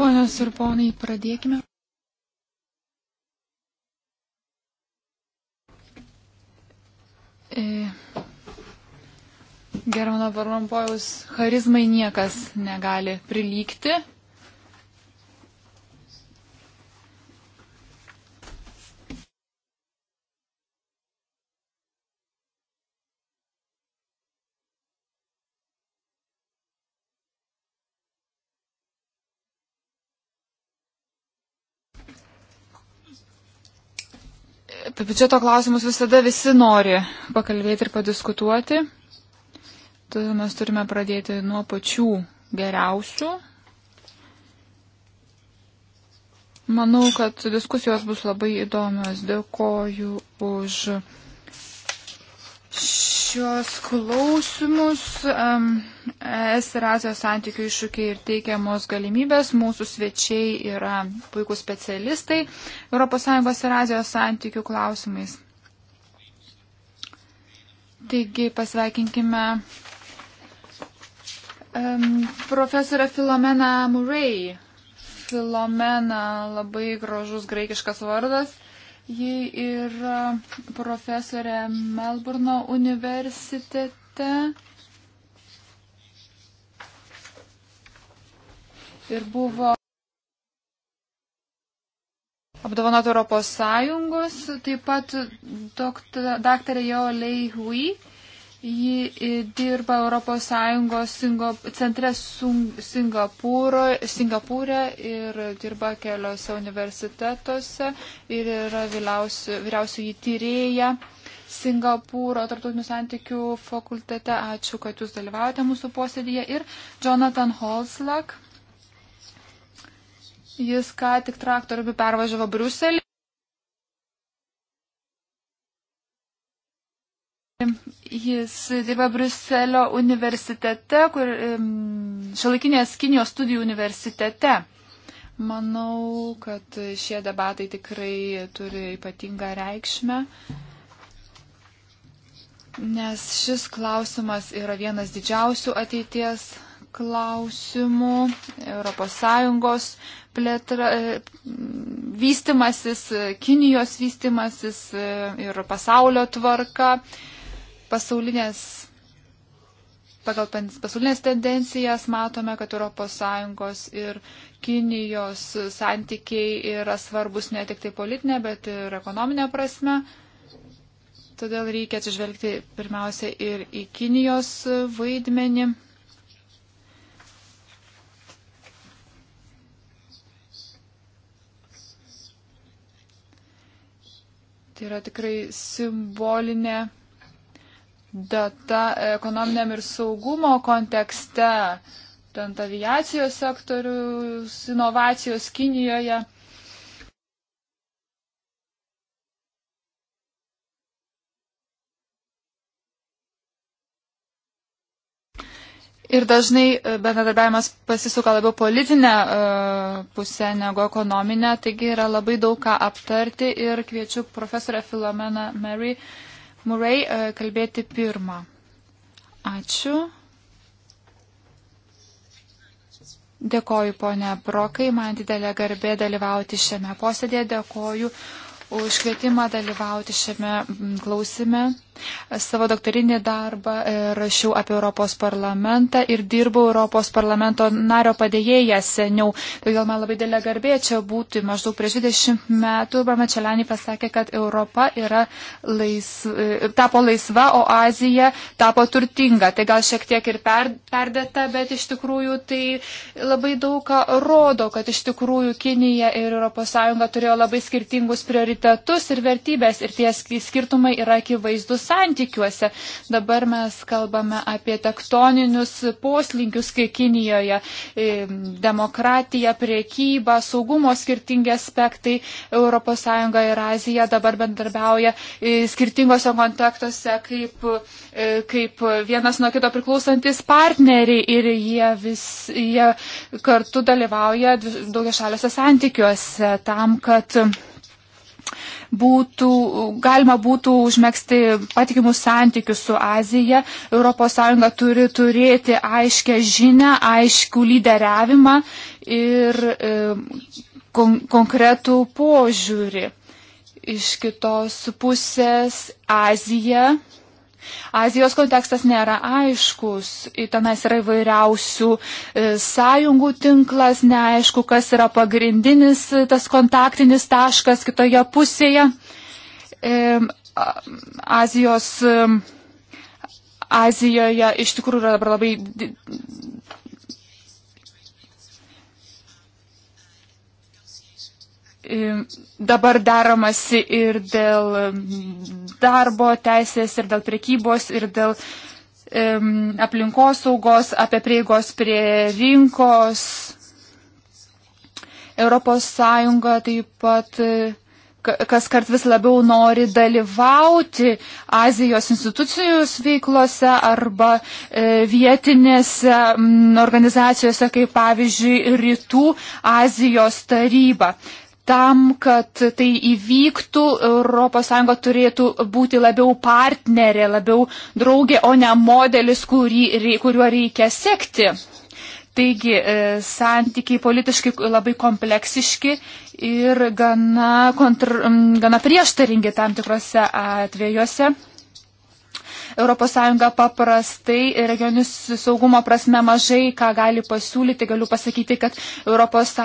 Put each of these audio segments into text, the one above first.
Ponios ir ponai, pradėkime. E, Gerono Varlampojaus charizmai niekas negali prilygti. biudžeto klausimus visada visi nori pakalbėti ir padiskutuoti. Todėl mes turime pradėti nuo pačių geriausių. Manau, kad diskusijos bus labai įdomios. Dėkoju už šios klausimus. Es ir Azijos santykių iššūkiai ir teikiamos galimybės. Mūsų svečiai yra puikūs specialistai ES ir Azijos santykių klausimais. Taigi pasveikinkime um, profesorę Filomeną Murray. Filomena labai gražus graikiškas vardas. Ji yra profesorė Melburno universitete. Ir buvo apdovanota Europos Sąjungos, taip pat daktarė Jo Lei Hui Ji e, dirba ES centre Singapūro, Singapūrė ir dirba keliose universitetuose ir yra vyriausioji tyrėja Singapūro tarptautinių santykių fakultete. Ačiū, kad jūs dalyvaujate mūsų posėdėje. Ir Jonathan Holslak. Jis ką tik traktoriumi pervažiavo Bruselį. Jis dirba Bruselio universitete, kur šiolikinės Kinijos studijų universitete. Manau, kad šie debatai tikrai turi ypatingą reikšmę, nes šis klausimas yra vienas didžiausių ateities klausimų. ES plėtra, vystimasis, Kinijos vystimasis ir pasaulio tvarka pasaulinės, pagal pasaulinės tendencijas matome, kad ES ir Kinijos santykiai yra svarbus ne tik tai politinė, bet ir ekonominė prasme. Todėl reikia atsižvelgti pirmiausia ir į Kinijos vaidmenį. Tai yra tikrai simbolinė data ekonominiam ir saugumo kontekste, tant aviacijos sektorius, inovacijos Kinijoje. Ir dažnai e, bendradarbiavimas pasisuka labiau politinę e, pusę negu ekonominę, taigi yra labai daug ką aptarti ir kviečiu profesorę Filomeną Mary uh, Murray e, kalbėti pirmą. Ačiū. Dėkoju, ponė Brokai, man didelė garbė dalyvauti šiame posėdėje. Dėkoju už kvietimą dalyvauti šiame klausime. Savo doktorinį darbą e, rašiau apie Europos parlamentą ir dirbau Europos parlamento nario padėjėję seniau. Todėl man labai dėlė garbė čia būti. Maždaug prieš 20 metų Bamačelani pasakė, kad Europa yra laisv... E, tapo laisva, o Azija tapo turtinga. Tai gal šiek tiek ir per... perdėta, bet iš tikrųjų tai labai daug ką rodo, kad iš tikrųjų Kinija ir ES turėjo labai skirtingus prioritetus ir vertybės. Ir tie skirtumai yra akivaizdus santykiuose. Dabar mes kalbame apie tektoninius poslinkius, kai Kinijoje e, demokratija, priekyba, saugumo skirtingi aspektai ES ir Azija dabar bendarbiauja e, skirtingose kontekstuose kaip, e, kaip vienas nuo kito priklausantis partneriai ir jie, vis, jie kartu dalyvauja daugia šaliuose santykiuose tam, kad būtų, galima būtų užmėgsti patikimus santykius su Azija. ES turi turėti aiškę žinę, aiškų lyderiavimą ir e, kon konkretų požiūrį. Iš kitos pusės Azija Azijos kontekstas nėra aiškus, tenais yra įvairiausių e, sąjungų tinklas, neaišku, kas yra pagrindinis e, tas kontaktinis taškas kitoje pusėje. E, Azijos, Azijoje iš tikrųjų yra dabar labai dabar daromasi ir dėl darbo teisės, ir dėl prekybos, ir dėl um, aplinkos saugos, apie prieigos prie rinkos. Europos Sąjunga taip pat e, kas kart vis labiau nori dalyvauti Azijos institucijos veiklose arba e, vietinėse organizacijose, kaip pavyzdžiui, Rytų Azijos taryba. Tam, kad tai įvyktų, ES turėtų būti labiau partnerė, labiau draugė, o ne modelis, kurį, kuriuo reikia sekti. Taigi, e, santykiai politiškai labai kompleksiški ir gana, kontr, gana prieštaringi tam tikrose atvejuose. ES paprastai regionius saugumo prasme mažai ką gali pasiūlyti. Galiu pasakyti, kad ES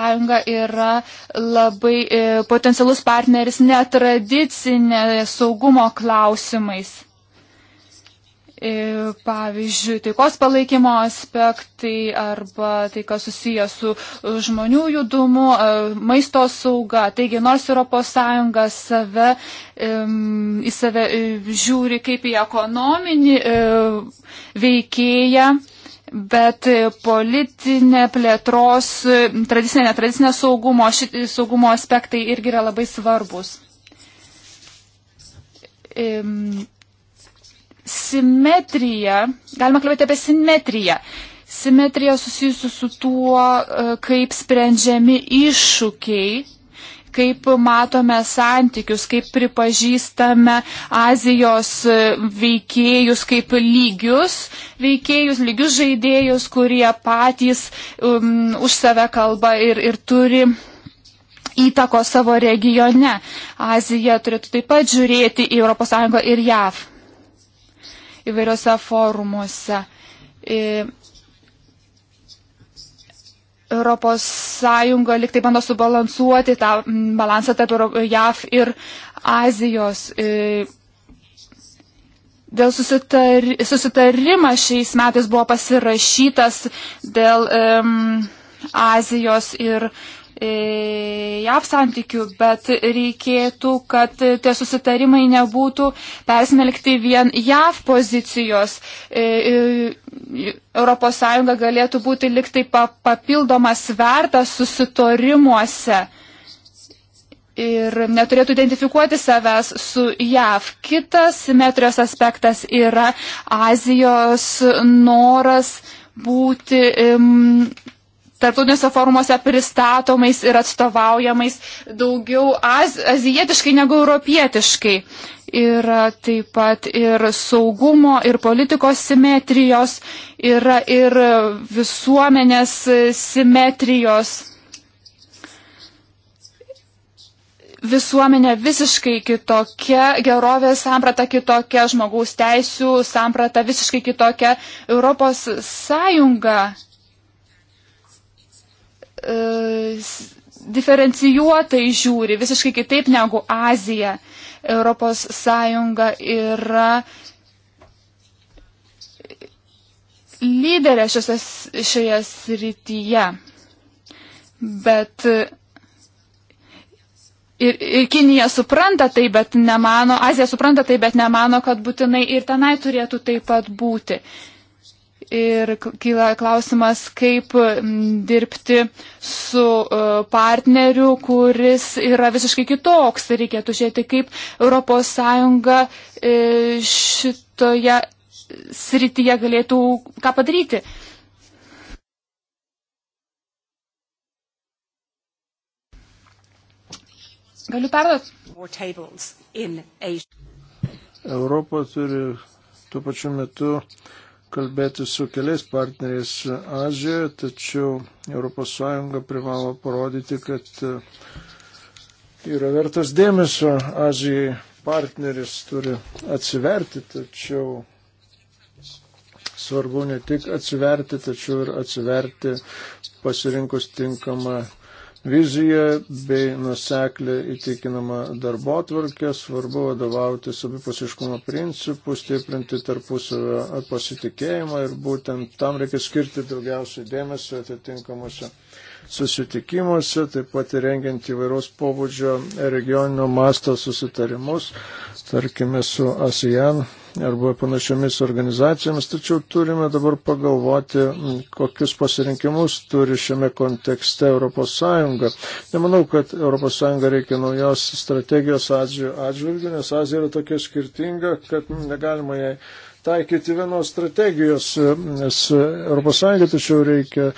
yra labai e, potencialus partneris netradicinė saugumo klausimais. E, pavyzdžiui, taikos palaikymo aspektai arba tai, kas susiję su e, žmonių judumu, e, maisto sauga. Taigi, nors ES save, į save žiūri kaip į ekonominį veikėją, bet politinė plėtros, tradicinė, netradicinė saugumo, ši, saugumo aspektai irgi yra labai svarbus. Im, simetriją, galima kalbėti apie simetriją. Simetrija susijusi su tuo, e, kaip sprendžiami iššūkiai, kaip matome santykius, kaip pripažįstame Azijos e, veikėjus kaip lygius, veikėjus, lygius žaidėjus, kurie patys um, už save kalba ir, ir turi įtako savo regione. Azija turėtų taip pat žiūrėti į ES ir JAV įvairiose forumuose. Europos Sąjunga liktai bando subalansuoti tą balansą tarp JAV ir Azijos. Dėl susitar, susitarimas šiais metais buvo pasirašytas dėl um, Azijos ir E, JAV santykių, bet reikėtų, kad tie susitarimai nebūtų persmelkti vien JAV pozicijos. ES e, galėtų būti liktai papildomas vertas susitarimuose. Ir neturėtų identifikuoti savęs su JAV. Kitas simetrijos aspektas yra Azijos noras būti. Um, tarptautiniuose forumuose pristatomais ir atstovaujamais daugiau az, azijetiškai negu europietiškai. Yra taip pat ir saugumo, ir politikos simetrijos, yra ir visuomenės simetrijos. Visuomenė visiškai kitokia, gerovės samprata kitokia, žmogaus teisų samprata visiškai kitokia. Europos Sąjunga E, diferencijuotai žiūri, visiškai kitaip negu Azija. Europos Sąjunga yra lyderė šiose, šioje srityje. Bet ir, ir Kinija supranta tai, bet nemano, Azija supranta tai, bet nemano, kad būtinai ir tenai turėtų taip pat būti. Uh, Ir kyla klausimas, kaip dirbti su e, partneriu, kuris yra visiškai kitoks. Tai reikėtų žiūrėti, kaip ES e, šitoje srityje galėtų ką padaryti. Galiu perduoti. Europa turi tuo pačiu metu kalbėti su keliais partneriais Azijoje, tačiau ES privalo parodyti, kad e, yra vertas dėmesio Azijai partneris turi atsiverti, tačiau svarbu ne tik atsiverti, tačiau ir atsiverti pasirinkus tinkamą viziją bei nuseklę įtikinamą darbo atvarkę, svarbu vadovautis abipusiškumo principų, stiprinti tarpusavio pasitikėjimą ir būtent tam reikia skirti daugiausiai dėmesio atitinkamuose susitikimuose, taip pat rengiant įvairaus pobūdžio regioninio masto susitarimus, tarkime su ASEAN arba panašiomis organizacijomis, tačiau turime dabar pagalvoti, kokius pasirinkimus turi šiame kontekste ES. Nemanau, kad ES reikia naujos strategijos atžvilgių, nes Azija yra tokia skirtinga, kad negalima jai taikyti vienos strategijos, e, nes ES tačiau reikia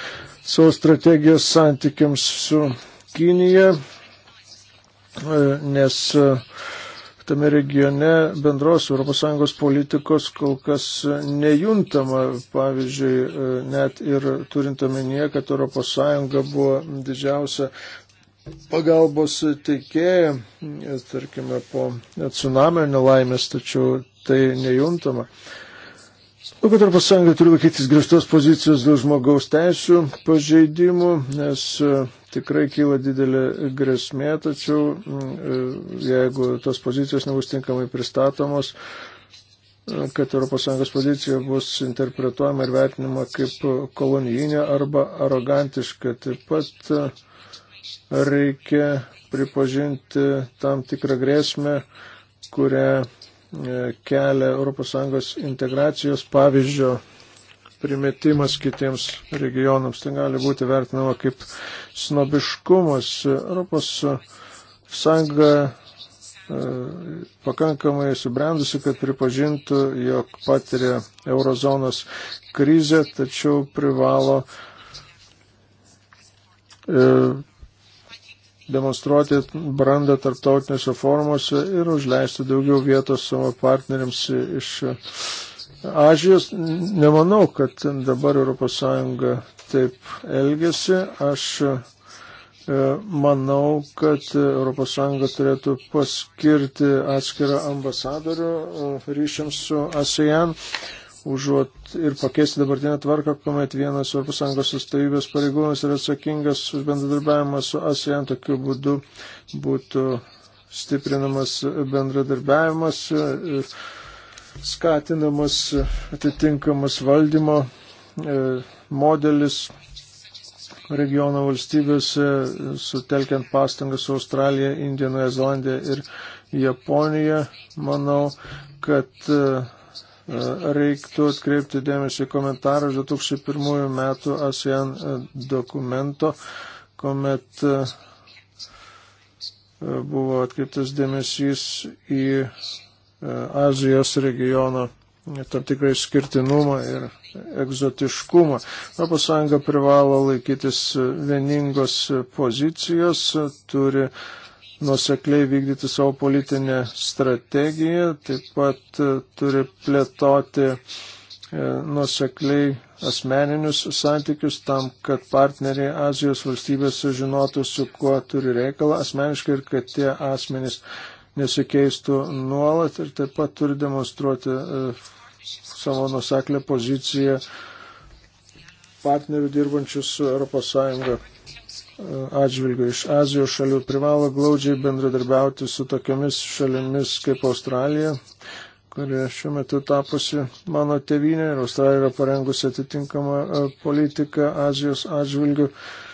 savo strategijos santykiams su Kinija, e, nes uh, tame regione bendros ES politikos kol kas nejuntama. Pavyzdžiui, e, net ir turint omenyje, kad ES buvo didžiausia pagalbos teikėja, e, tarkime, po tsunamio nelaimės, tačiau tai nejuntama. Nu, kad ES turi laikytis griežtos pozicijos dėl žmogaus teisų pažeidimų, nes e, tikrai kyla didelė grėsmė, tačiau mm, e, jeigu tos pozicijos nebus tinkamai pristatomos, kad ES pozicija bus interpretuojama ir vertinama kaip kolonijinė arba arogantiška. Taip pat e, reikia pripažinti tam tikrą grėsmę, kurią e, kelia ES integracijos pavyzdžio primetimas kitiems regionams. Tai gali būti vertinama kaip snobiškumas. Europos sąjunga e, pakankamai subrendusi, kad pripažintų, jog patiria eurozonos krizę, tačiau privalo e, demonstruoti brandą tarptautinėse formuose ir užleisti daugiau vietos savo partneriams iš Azijos. Nemanau, kad dabar ES taip elgesi. Aš e, manau, kad ES turėtų paskirti atskirą ambasadorių e, ryšiams su ASEAN užuot ir pakeisti dabartinę tvarką, kuomet vienas ES atstovybės pareigūnas yra atsakingas už bendradarbiavimą su ASEAN, tokiu būdu būtų stiprinamas bendradarbiavimas. Ir, e, skatinamas atitinkamas valdymo e, modelis regiono valstybėse, sutelkiant pastangas su Australija, Indija, Nuoja Zelandija ir Japonija. Manau, kad e, reiktų atkreipti dėmesį į komentarą 2001 metų ASEAN e, dokumento, kuomet buvo atkreiptas dėmesys į E, Azijos regiono tam tikrai skirtinumą ir egzotiškumą. Europos Sąjunga privalo laikytis vieningos pozicijos, turi nusekliai vykdyti savo politinę strategiją, taip pat turi plėtoti e, nusekliai asmeninius santykius tam, kad partneriai Azijos valstybės sužinotų, su kuo turi reikalą asmeniškai ir kad tie asmenys nesikeistų nuolat ir taip pat turi demonstruoti e, savo nuseklę poziciją partnerių dirbančių su ES e, atžvilgiu iš Azijos šalių privalo glaudžiai bendradarbiauti su tokiamis šalimis kaip Australija, kuri šiuo metu tapusi mano tevinė ir Australija yra parengusi atitinkamą e, politiką Azijos atžvilgiu. At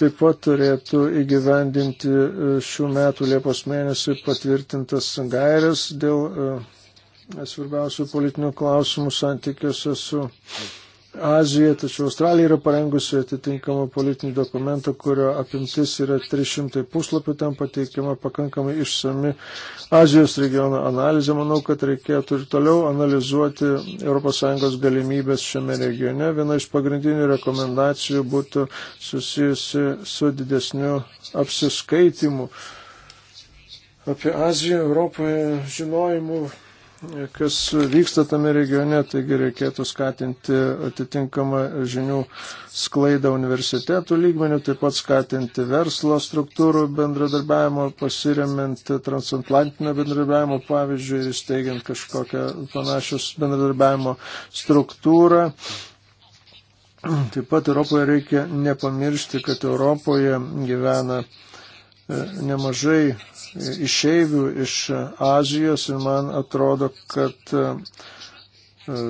taip pat turėtų įgyvendinti e, šių metų Liepos mėnesį patvirtintas gairias dėl e, svarbiausių politinių klausimų santykiuose su Aziją, tačiau Australija yra parengusi atitinkamą politinį dokumentą, kurio apimtis yra 300 puslapių, ten pateikiama pakankamai išsami Azijos regiono analizė. Manau, kad reikėtų ir toliau analizuoti ES galimybės šiame regione. Viena iš pagrindinių rekomendacijų būtų susijusi su didesniu apsiskaitimu apie Aziją Europoje žinojimu kas vyksta tame regione, taigi reikėtų skatinti atitinkamą žinių sklaidą universitetų lygmenių, taip pat skatinti verslo struktūrų bendradarbiavimo, pasiriamint transatlantinio bendradarbiavimo pavyzdžių ir įsteigiant kažkokią panašios bendradarbiavimo struktūrą. Taip pat Europoje reikia nepamiršti, kad Europoje gyvena e, nemažai išeivių iš Azijos ir man atrodo, kad e, e,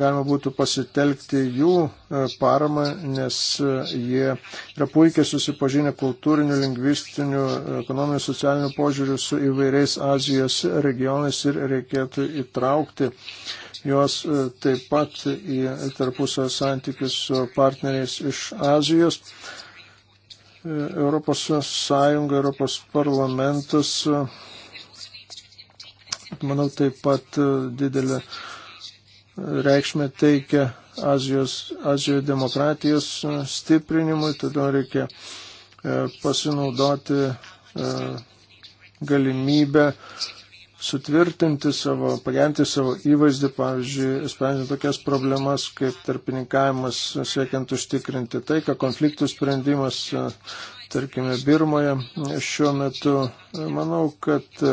galima būtų pasitelkti jų e, paramą, nes jie yra puikiai susipažinę kultūrinių, lingvistinių, ekonominių, socialinių požiūrių su įvairiais Azijos regionais ir reikėtų įtraukti juos taip pat į tarpusio santykius su partneriais iš Azijos. Europos Sąjunga, Europos parlamentas, manau, taip pat didelę reikšmę teikia Azijos, Azijos demokratijos stiprinimui, todėl reikia e, pasinaudoti e, galimybę sutvirtinti savo, pagerinti savo įvaizdį, pavyzdžiui, sprendžiant tokias problemas kaip tarpininkavimas, siekiant užtikrinti taiką, konfliktų sprendimas, tarkime, Birmoje šiuo metu. Manau, kad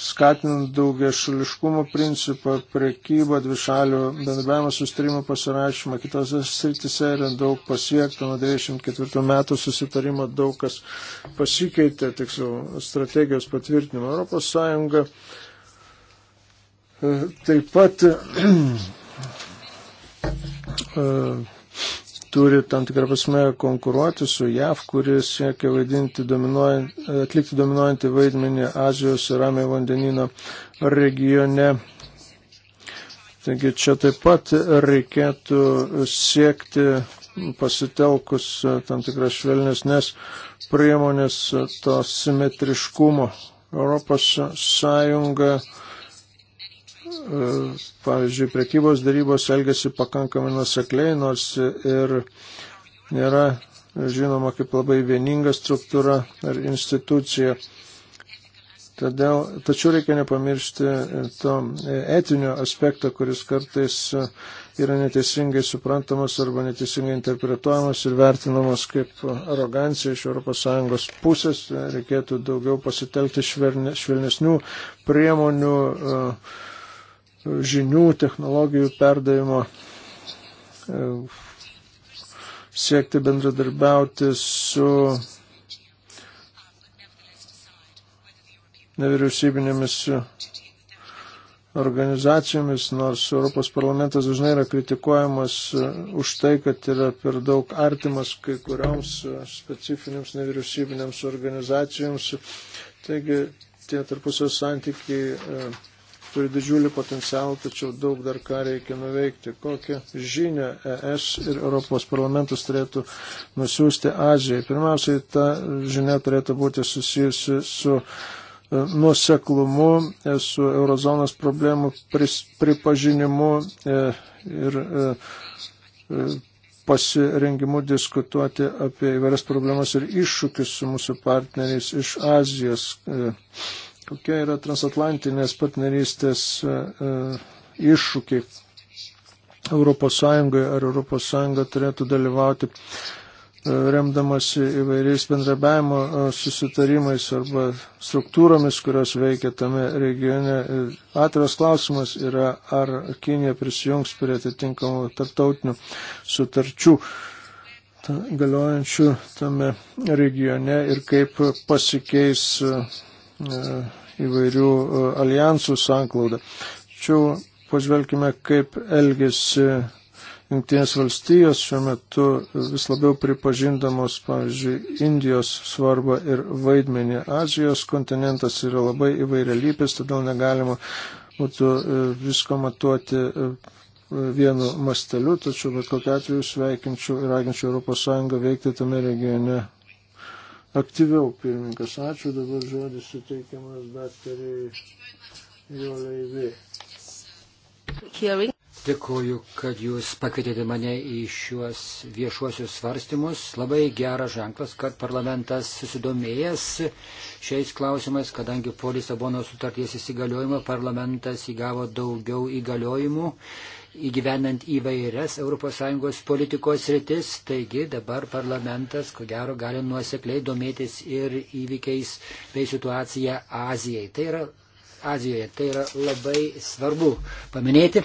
skatinant daugia šališkumo principą, prekybą, dvišalių bendravimo sustarimų pasirašymą, kitose sritise yra daug pasiekta, nuo 94 metų susitarimo daug kas pasikeitė, tiksliau, strategijos patvirtinimo. Europos Sąjunga e, taip pat e, turi tam tikrą prasme konkuruoti su JAV, kuris siekia vaidinti dominuojant, atlikti dominuojantį vaidmenį Azijos ir Ramio vandenino regione. Taigi čia taip pat reikėtų siekti pasitelkus tam tikras švelnesnės priemonės to simetriškumo. Europos Sąjunga uh, pavyzdžiui, prekybos darybos elgesi pakankamai nusakliai, nors ir nėra žinoma kaip labai vieninga struktūra ar institucija. Todėl, tačiau reikia nepamiršti to etinio aspekto, kuris kartais yra neteisingai suprantamas arba neteisingai interpretuojamas ir vertinamas kaip arogancija iš ES pusės. Reikėtų daugiau pasitelkti švelnesnių priemonių. Uh, žinių, technologijų perdavimo, e, siekti bendradarbiauti su nevyriausybinėmis organizacijomis, nors Europos parlamentas dažnai yra kritikuojamas e, už tai, kad yra per daug artimas kai kurioms e, specifinėms nevyriausybinėms organizacijoms. Taigi tie tarpusio santykiai turi didžiulį potencialą, tačiau daug dar ką reikia nuveikti. Kokią žinę ES ir Europos parlamentas turėtų nusiųsti Azijai? Pirmiausiai, ta žinia turėtų būti susijusi su e, nuseklumu, e, su eurozonos problemų pripažinimu e, ir pasirengimu diskutuoti apie įvairias problemas ir iššūkius su mūsų partneriais iš Azijos kokie yra transatlantinės partnerystės e, e, iššūkiai Europos Sąjungoje, ar Europos Sąjunga turėtų dalyvauti e, remdamasi įvairiais bendrabiavimo susitarimais arba struktūromis, kurios veikia tame regione. Atviras klausimas yra, ar Kinija prisijungs prie atitinkamų tarptautinių sutarčių ta, galiojančių tame regione ir kaip pasikeis. E, įvairių e, alijansų sanklaudą. Tačiau pažvelkime, kaip elgesi Junktinės valstijos šiuo metu vis labiau pripažindamos, pavyzdžiui, Indijos svarbą ir vaidmenį. Azijos kontinentas yra labai įvairialypis, todėl negalima būtų e, visko matuoti e, vienu masteliu, tačiau bet kokiu atveju sveikinčiau ir raginčiau ES veikti tame regione aktyviau pirmininkas. Ačiū, dabar žodis suteikiamas daktariai Jolaiviai. Dėkuoju, kad jūs pakvietėte mane į šiuos viešuosius svarstymus. Labai geras ženklas, kad parlamentas susidomėjęs šiais klausimais, kadangi po Lisabono sutarties įsigaliojimo parlamentas įgavo daugiau įgaliojimų įgyvenant įvairias ES politikos rytis, taigi dabar parlamentas, ko gero, gali nuosekliai domėtis ir įvykiais bei situacija Azijai. Tai yra, Azijoje. Tai yra labai svarbu paminėti.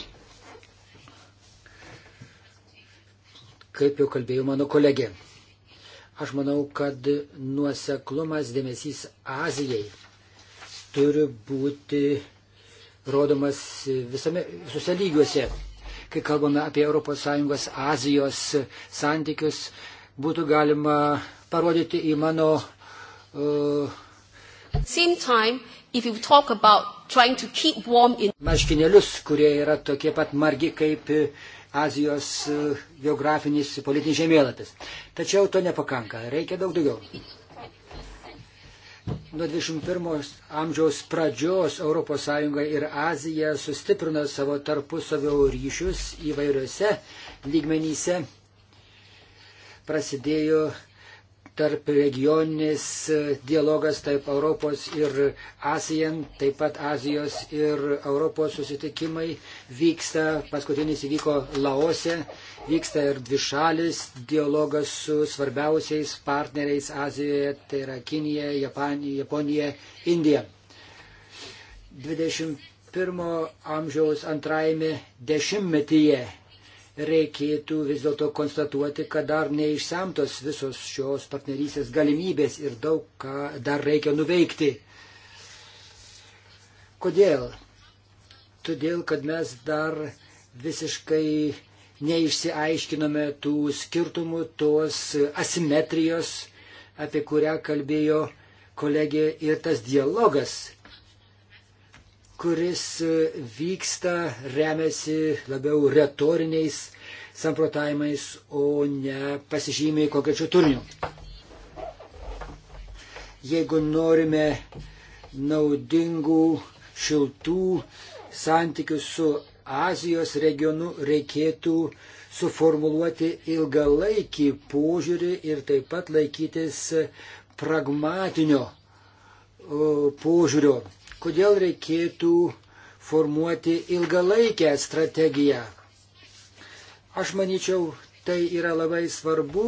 Kaip jau kalbėjo mano kolegė. Aš manau, kad nuoseklumas dėmesys Azijai turi būti rodomas visame, visose lygiuose kai kalbame apie ES Azijos santykius, būtų galima parodyti į mano. Uh, time, in... Maškinėlius, kurie yra tokie pat margi kaip Azijos uh, geografinis politinis žemėlapis. Tačiau to nepakanka, reikia daug daugiau nuo 21 amžiaus pradžios ES ir Azija sustiprino savo tarpusavio ryšius įvairiose lygmenyse. Prasidėjo tarp regioninis dialogas tarp Europos ir ASEAN, taip pat Azijos ir Europos susitikimai vyksta, paskutinis įvyko Laose, vyksta ir dvišalis dialogas su svarbiausiais partneriais Azijoje, tai yra Kinija, Japanija, Japonija, Indija. 21 amžiaus antrajame dešimtmetyje reikėtų vis dėlto konstatuoti, kad dar neišsamtos visos šios partnerysės galimybės ir daug ką dar reikia nuveikti. Kodėl? Todėl, kad mes dar visiškai neišsiaiškinome tų skirtumų, tos asimetrijos, apie kurią kalbėjo kolegė ir tas dialogas kuris e, vyksta, remiasi labiau retoriniais samprotavimais, o ne pasižymiai konkrečiu turiniu. Jeigu norime naudingų, šiltų santykių su Azijos regionu, reikėtų suformuluoti ilgalaikį požiūrį ir taip pat laikytis pragmatinio e, požiūrio kodėl reikėtų formuoti ilgalaikę strategiją. Aš manyčiau, tai yra labai svarbu,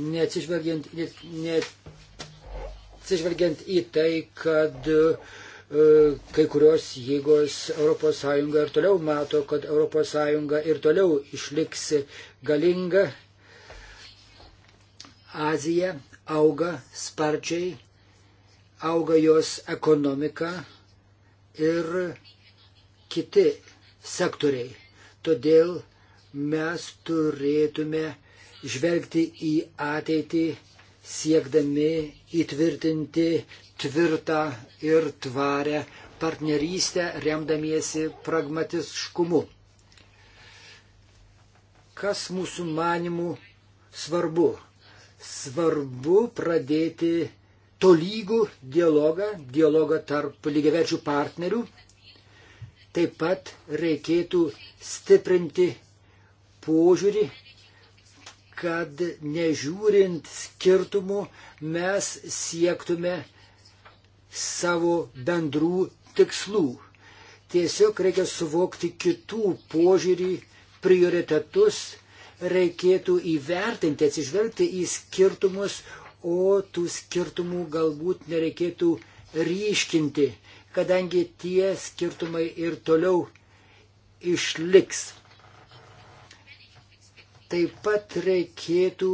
neatsižvelgiant, ne, neatsižvelgiant į tai, kad e, kai kurios jėgos ES ir toliau mato, kad ES ir toliau išliks galinga. Azija auga sparčiai auga jos ekonomika ir kiti sektoriai. Todėl mes turėtume žvelgti į ateitį siekdami įtvirtinti tvirtą ir tvarę partnerystę remdamiesi pragmatiškumu. Kas mūsų manimų svarbu? Svarbu pradėti tolygų dialogą, dialogą tarp lygiaverčių partnerių. Taip pat reikėtų stiprinti požiūrį, kad nežiūrint skirtumų mes siektume savo bendrų tikslų. Tiesiog reikia suvokti kitų požiūrį, prioritetus, reikėtų įvertinti, atsižvelgti į skirtumus, o tų skirtumų galbūt nereikėtų ryškinti, kadangi tie skirtumai ir toliau išliks. Taip pat reikėtų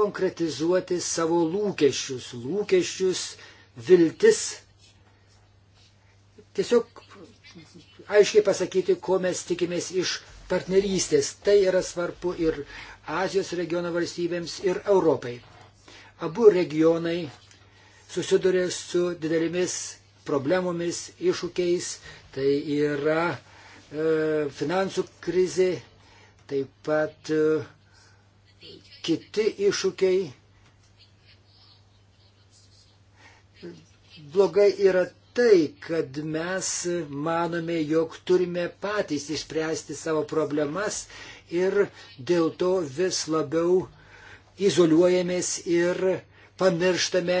konkretizuoti savo lūkesčius, lūkesčius, viltis. Tiesiog aiškiai pasakyti, ko mes tikimės iš partnerystės. Tai yra svarbu ir Azijos regiono valstybėms, ir Europai. Abu regionai susiduria su didelėmis problemomis, iššūkiais. Tai yra e, finansų krizė, taip pat e, kiti iššūkiai. Blogai yra tai, kad mes manome, jog turime patys išspręsti savo problemas ir dėl to vis labiau izoliuojamės ir pamirštame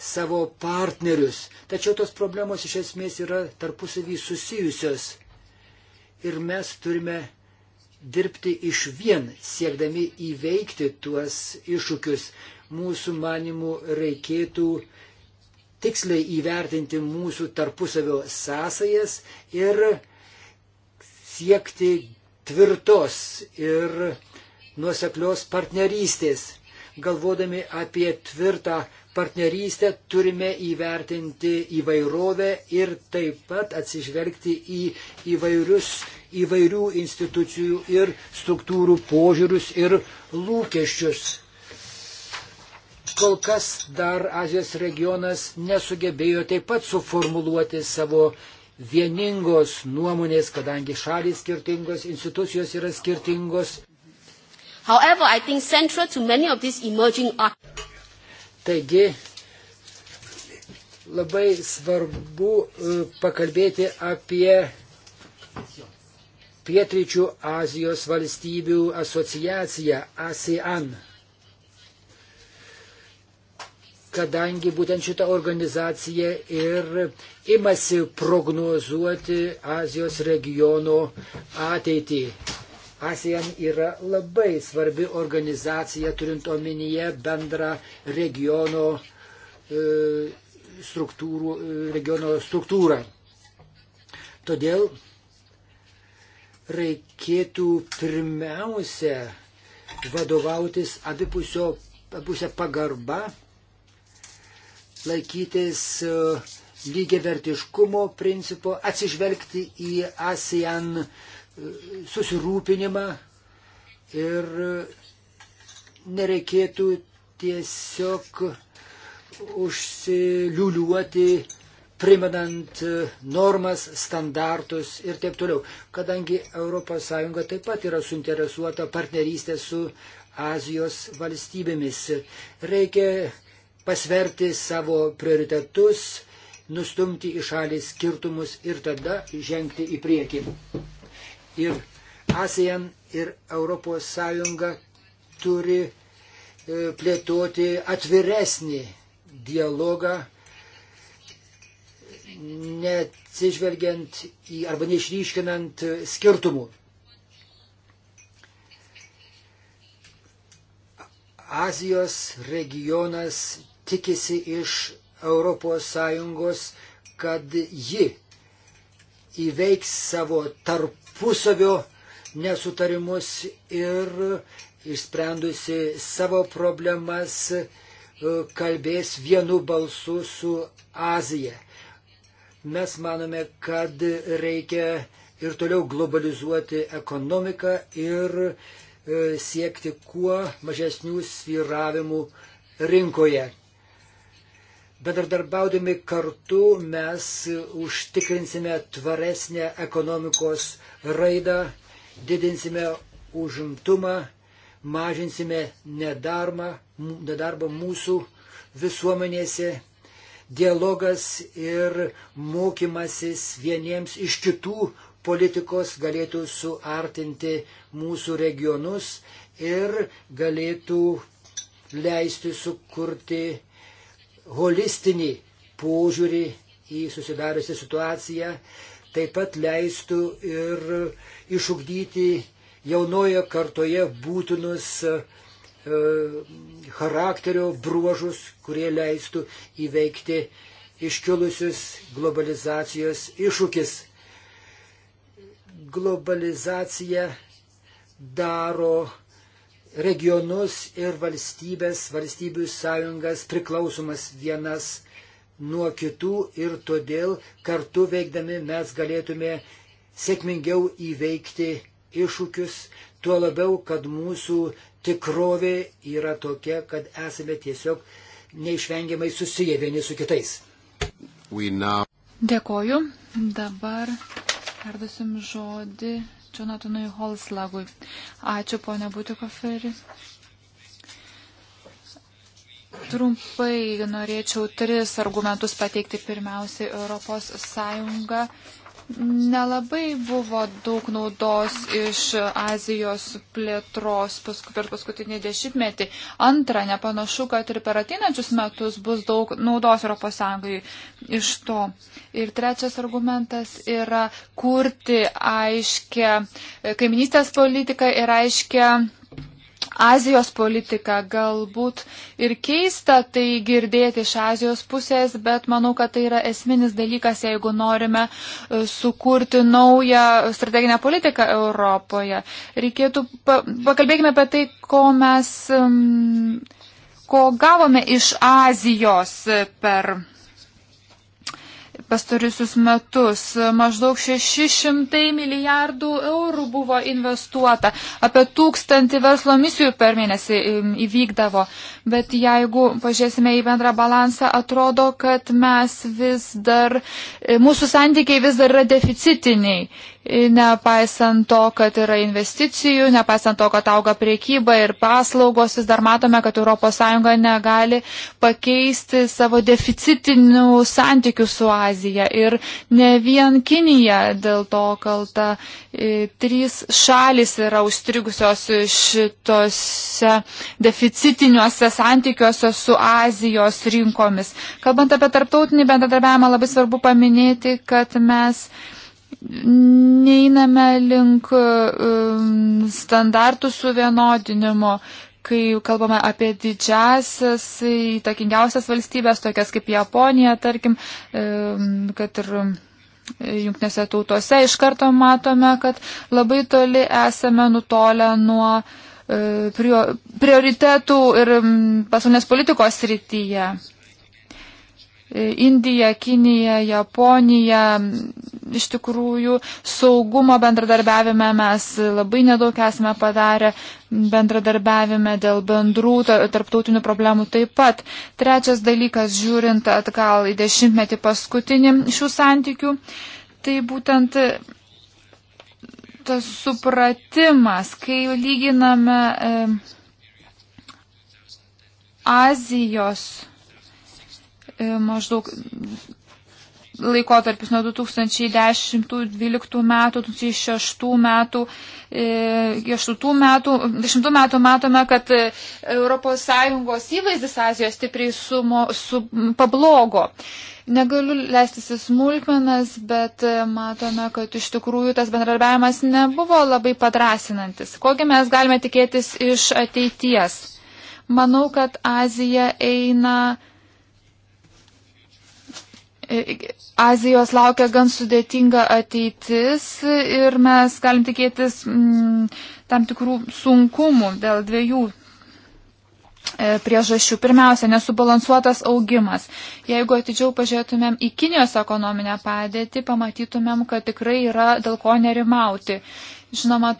savo partnerius. Tačiau tos problemos iš esmės yra tarpusavį susijusios. Ir mes turime dirbti iš vien, siekdami įveikti tuos iššūkius. Mūsų manimų reikėtų tiksliai įvertinti mūsų tarpusavio sąsajas ir siekti tvirtos ir nuoseklios partnerystės. Galvodami apie tvirtą partnerystę turime įvertinti įvairovę ir taip pat atsižvelgti į įvairius, įvairių institucijų ir struktūrų požiūrius ir lūkesčius. Kol kas dar Azijos regionas nesugebėjo taip pat suformuluoti savo vieningos nuomonės, kadangi šalys skirtingos, institucijos yra skirtingos. However, I think central to many of these emerging are... Taigi, labai svarbu e, pakalbėti apie Pietryčių Azijos valstybių asociaciją ASEAN. Kadangi būtent šita organizacija ir imasi prognozuoti Azijos regiono ateitį. ASEAN yra labai svarbi organizacija, turint omenyje bendrą regiono, e, struktūrų, e, regiono struktūrą. Todėl reikėtų pirmiausia vadovautis abipusio, abipusio pagarba, laikytis e, lygiavertiškumo principo, atsižvelgti į ASEAN uh, susirūpinimą ir nereikėtų tiesiog užsiliuliuoti, primenant normas, standartus ir taip toliau. Kadangi ES taip pat yra suinteresuota partnerystė su Azijos valstybėmis, reikia pasverti savo prioritetus, nustumti į šalį skirtumus ir tada žengti į priekį ir ASEAN ir ES turi e, plėtoti atviresnį dialogą, neatsižvelgiant į arba neišryškinant skirtumų. Azijos regionas tikisi iš ES, kad ji įveiks savo tarp tarpusavio nesutarimus ir išsprendusi savo problemas e, kalbės vienu balsu su Azija. Mes manome, kad reikia ir toliau globalizuoti ekonomiką ir e, siekti kuo mažesnių sviravimų rinkoje. Bedardarbiaudami kartu mes užtikrinsime tvaresnę ekonomikos raidą, didinsime užimtumą, mažinsime nedarbą, nedarbą mūsų visuomenėse. Dialogas ir mokymasis vieniems iš kitų politikos galėtų suartinti mūsų regionus ir galėtų leisti sukurti holistinį požiūrį į susidariusią situaciją, taip pat leistų ir išugdyti jaunoje kartoje būtinus e, charakterio bruožus, kurie leistų įveikti iškilusius globalizacijos iššūkis. Globalizacija daro regionus ir valstybės, valstybių sąjungas priklausomas vienas nuo kitų ir todėl kartu veikdami mes galėtume sėkmingiau įveikti iššūkius, tuo labiau, kad mūsų tikrovė yra tokia, kad esame tiesiog neišvengiamai susiję vieni su kitais. Now... Dėkoju. Dabar perduosim žodį Jonatanui Holslagui. Ačiū, ponė Butikoferi. Trumpai norėčiau tris argumentus pateikti. Pirmiausiai, ES Nelabai buvo daug naudos iš Azijos plėtros paskui, per paskutinį dešimtmetį. Antra, nepanašu, kad ir per ateinančius metus bus daug naudos ES iš to. Ir trečias argumentas yra kurti aiškę kaiminystės politiką ir aiškę Azijos politiką. Galbūt ir keista tai girdėti iš Azijos pusės, bet manau, kad tai yra esminis dalykas, jeigu norime e, sukurti naują strateginę politiką Europoje. Reikėtų, pa, pakalbėkime apie tai, ko mes, ko gavome iš Azijos per pastarisius metus. Maždaug 600 milijardų eurų buvo investuota, apie tūkstantį verslo misijų per mėnesį įvykdavo. Bet jeigu pažiūrėsime į bendrą balansą, atrodo, kad mes vis dar, e, mūsų santykiai vis dar yra deficitiniai nepaisant to, kad yra investicijų, nepaisant to, kad auga priekyba ir paslaugos, vis dar matome, kad ES negali pakeisti savo deficitinių santykių su Azija. Ir ne vien Kinija dėl to kalta. E, trys šalis yra užstrigusios šitose deficitiniuose santykiuose su Azijos rinkomis. Kalbant apie tarptautinį bendradarbiavimą, labai svarbu paminėti, kad mes neiname link um, standartų suvienodinimo, kai kalbame apie didžiasias, įtakingiausias valstybės, tokias kaip Japonija, tarkim, um, kad ir um, jungtinėse tautose iš karto matome, kad labai toli esame nutolę nuo uh, prioritetų ir pasaulinės politikos srityje. E, Indija, Kinija, Japonija, iš tikrųjų saugumo bendradarbiavime mes labai nedaug esame padarę, bendradarbiavime dėl bendrų tarptautinių problemų taip pat. Trečias dalykas, žiūrint atgal į dešimtmetį paskutinį šių santykių, tai būtent tas supratimas, kai lyginame e, Azijos E, maždaug laikotarpis nuo 2010-2012 metų, 2006 metų, 2008 e, metų, 10 metų matome, kad ES įvaizdis Azijos stipriai sumo, su, pablogo. Negaliu leistis į smulkmenas, bet e, matome, kad iš tikrųjų tas bendradarbiavimas nebuvo labai padrasinantis. Kokį mes galime tikėtis iš ateities? Manau, kad Azija eina Azijos laukia gan sudėtinga ateitis ir mes galim tikėtis mm, tam tikrų sunkumų dėl dviejų e, priežasčių. Pirmiausia, nesubalansuotas augimas. Jeigu atidžiau pažiūrėtumėm į Kinijos ekonominę padėtį, pamatytumėm, kad tikrai yra dėl ko nerimauti. Žinoma,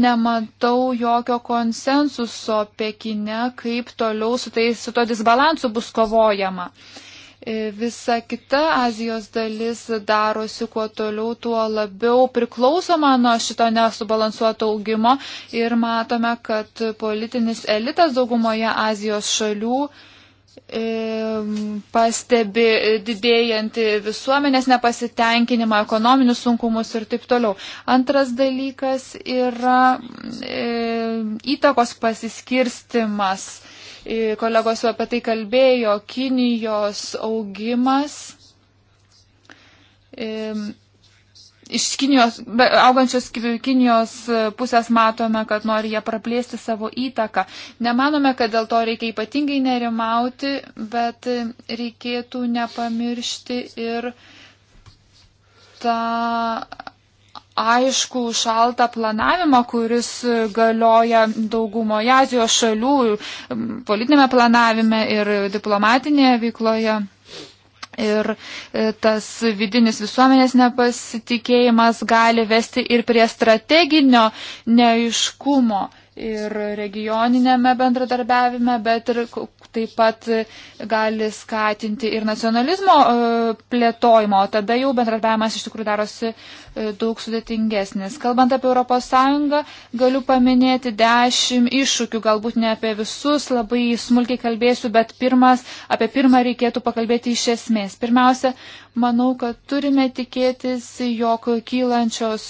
nematau jokio konsensuso Pekine, kaip toliau su, tai, su to disbalansu bus kovojama. Uh, E, visa kita Azijos dalis darosi kuo toliau, tuo labiau priklausoma nuo šito nesubalansuoto augimo ir matome, kad politinis elitas daugumoje Azijos šalių e, pastebi didėjantį visuomenės nepasitenkinimą, ekonominius sunkumus ir taip toliau. Antras dalykas yra e, įtakos pasiskirstimas E, kolegos jau apie tai kalbėjo, Kinijos augimas. E, iš Kinijos, augančios Kinijos pusės matome, kad nori jie praplėsti savo įtaką. Nemanome, kad dėl to reikia ypatingai nerimauti, bet reikėtų nepamiršti ir tą aišku šaltą planavimą, kuris galioja daugumoje Azijos šalių politinėme planavime ir diplomatinėje veikloje. Ir e, tas vidinis visuomenės nepasitikėjimas gali vesti ir prie strateginio neiškumo ir regioninėme bendradarbiavime, bet ir taip pat gali skatinti ir nacionalizmo e, plėtojimo, o tada jau bendradarbiavimas iš tikrųjų darosi e, daug sudėtingesnis. Kalbant apie ES, galiu paminėti dešimt iššūkių, galbūt ne apie visus, labai smulkiai kalbėsiu, bet pirmas, apie pirmą reikėtų pakalbėti iš esmės. Pirmiausia, manau, kad turime tikėtis, jog kylančios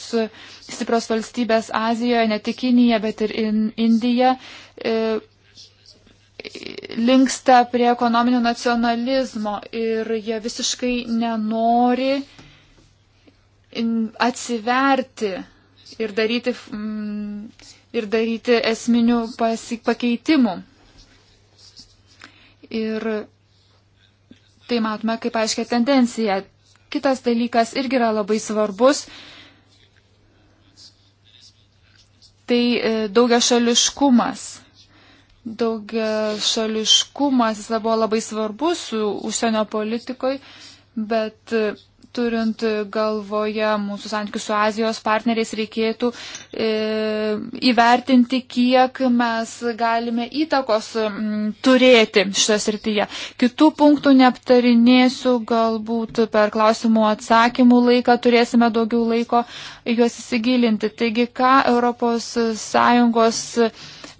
stiprios valstybės Azijoje, ne tik Kinija, bet ir in, Indija, e, linksta prie ekonominio nacionalizmo ir jie visiškai nenori atsiverti ir daryti, mm, ir daryti esminių pakeitimų. Ir tai matome kaip aiškia tendencija. Kitas dalykas irgi yra labai svarbus. Tai e, daugia šališkumas daugia šališkumas, jis buvo labai svarbus užsienio politikoje, bet turint galvoje mūsų santykius su Azijos partneriais, reikėtų e, įvertinti, kiek mes galime įtakos m, turėti šitoje srityje. Kitų punktų neaptarinėsiu, galbūt per klausimų atsakymų laiką turėsime daugiau laiko juos įsigilinti. Taigi, ką ES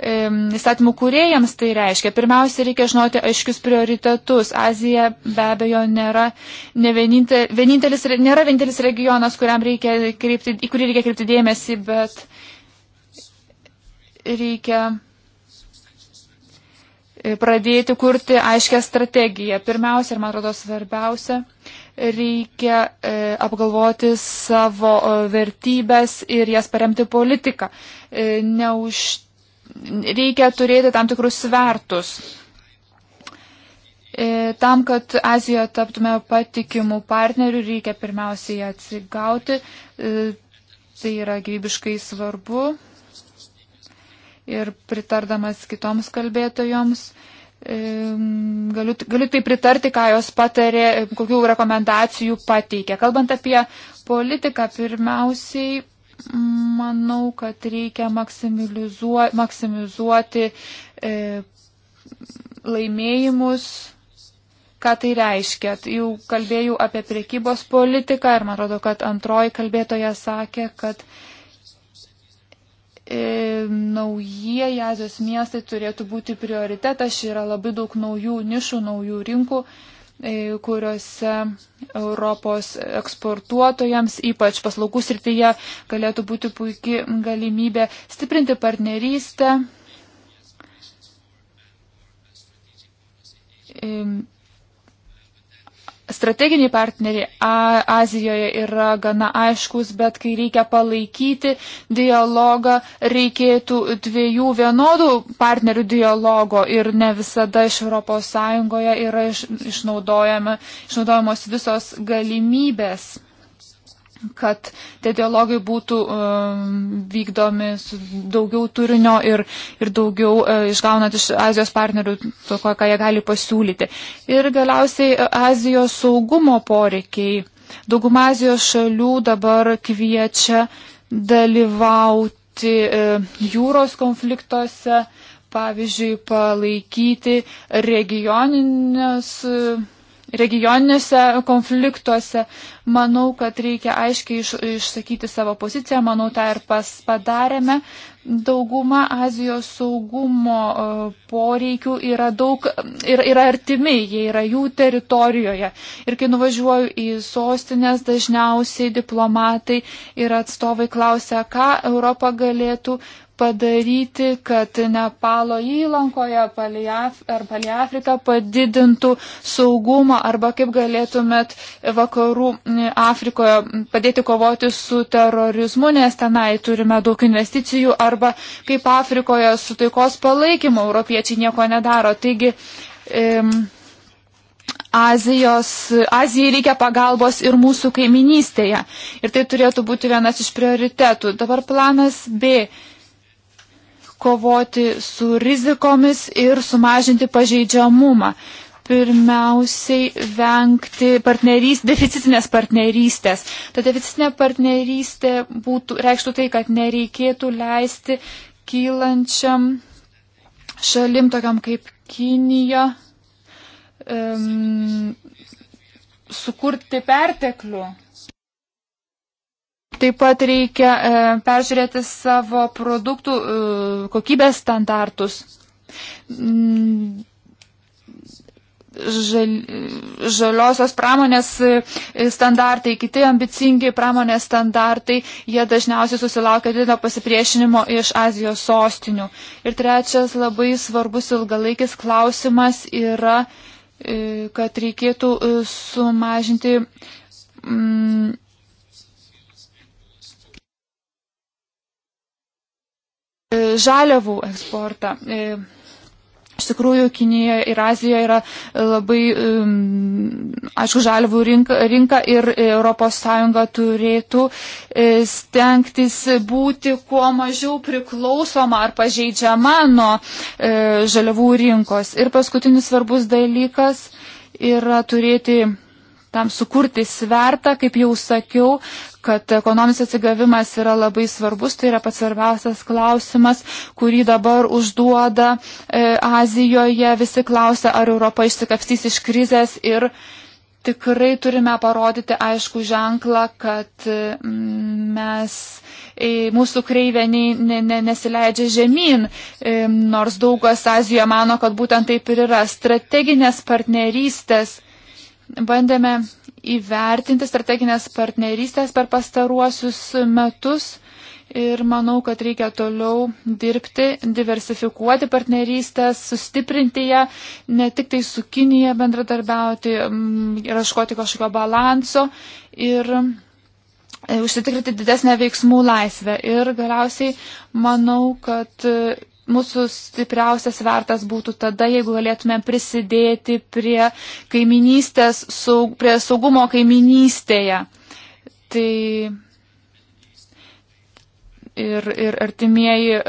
įstatymų kuriejams tai reiškia. Pirmiausia, reikia žinoti aiškius prioritetus. Azija be abejo nėra, ne vienintelis, vienintelis, nėra vienintelis regionas, reikia kreipti, į kurį reikia kreipti dėmesį, bet reikia e, pradėti kurti aiškę strategiją. Pirmiausia ir, man atrodo, svarbiausia, reikia e, apgalvoti savo e, vertybės ir jas paremti politiką. E, neužtenka reikia turėti tam tikrus svertus. E, tam, kad Azijoje taptume patikimų partnerių, reikia pirmiausiai atsigauti. E, tai yra gyvybiškai svarbu. Ir pritardamas kitoms kalbėtojoms, e, galiu, galiu tai pritarti, ką jos patarė, kokių rekomendacijų pateikė. Kalbant apie politiką, pirmiausiai manau, kad reikia maksimizuoti, maksimizuoti e, laimėjimus. Ką tai reiškia? Tai jau kalbėjau apie priekybos politiką ir man atrodo, kad antroji kalbėtoja sakė, kad e, naujieji Azijos miestai turėtų būti prioritetas, yra labai daug naujų nišų, naujų rinkų. E, E, kuriuose Europos eksportuotojams, ypač paslaugų srityje, galėtų būti puikia galimybė stiprinti partnerystę strateginiai partneriai A Azijoje yra gana aiškus, bet kai reikia palaikyti dialogą, reikėtų dviejų vienodų partnerių dialogo ir ne visada iš ES yra iš, išnaudojamos visos galimybės kad tie dialogai būtų um, vykdomi su daugiau turinio ir, ir daugiau uh, išgaunant iš Azijos partnerių to, ką jie gali pasiūlyti. Ir galiausiai e, Azijos saugumo poreikiai. Dauguma Azijos šalių dabar kviečia dalyvauti uh, jūros konfliktuose, pavyzdžiui, palaikyti regioninės. Uh, regioniniuose konfliktuose. Manau, kad reikia aiškiai iš, išsakyti savo poziciją, manau, tą ir pas padarėme. Dauguma Azijos saugumo e, poreikių yra, daug, yra, yra artimi, jie yra jų teritorijoje. Ir kai nuvažiuoju į sostinės, dažniausiai diplomatai ir atstovai klausia, ką Europa galėtų padaryti, kad Nepalo įlankoje ar palie Afriką padidintų saugumą arba kaip galėtumėt vakarų Afrikoje padėti kovoti su terorizmu, nes tenai turime daug investicijų arba kaip Afrikoje su taikos palaikymu europiečiai nieko nedaro. Taigi, im, Azijos, Azijai reikia pagalbos ir mūsų kaiminystėje. Ir tai turėtų būti vienas iš prioritetų. Dabar planas B kovoti su rizikomis ir sumažinti pažeidžiamumą. Pirmiausiai vengti partnerys, deficitinės partnerystės. Ta deficitinė partnerystė būtų, reikštų tai, kad nereikėtų leisti kylančiam šalim tokiam kaip Kinija um, sukurti perteklių. Taip pat reikia e, peržiūrėti savo produktų e, kokybės standartus. Mm, žal, žaliosios pramonės e, standartai, kiti ambicingi pramonės standartai, jie dažniausiai susilaukia didelio pasipriešinimo iš Azijos sostinių. Ir trečias labai svarbus ilgalaikis klausimas yra, e, kad reikėtų e, sumažinti. Mm, E, žaliavų eksportą. E, iš tikrųjų, Kinija ir Azija yra e, labai, aišku, žalvų rinka, rinka ir ES turėtų stengtis būti kuo mažiau priklausoma ar pažeidžiama nuo žaliavų rinkos. Ir paskutinis svarbus dalykas yra turėti tam sukurti svertą, kaip jau sakiau, kad ekonominis atsigavimas yra labai svarbus, tai yra pats svarbiausias klausimas, kurį dabar užduoda e, Azijoje, visi klausia, ar Europa išsikapstys iš krizės ir tikrai turime parodyti aišku ženklą, kad e, mes, e, mūsų kreivė ne, ne, nesileidžia žemyn, e, nors daugas Azijoje mano, kad būtent taip ir yra strateginės partnerystės bandėme įvertinti strateginės partnerystės per pastaruosius metus ir manau, kad reikia toliau dirbti, diversifikuoti partnerystės, sustiprinti ją, ne tik tai su Kinija bendradarbiauti, mm, raškoti kažkokio balanso ir e, užsitikrinti didesnę veiksmų laisvę. Ir galiausiai manau, kad mūsų stipriausias vertas būtų tada, jeigu galėtume prisidėti prie kaiminystės, saug, prie saugumo kaiminystėje. Tai ir, ir artimieji e,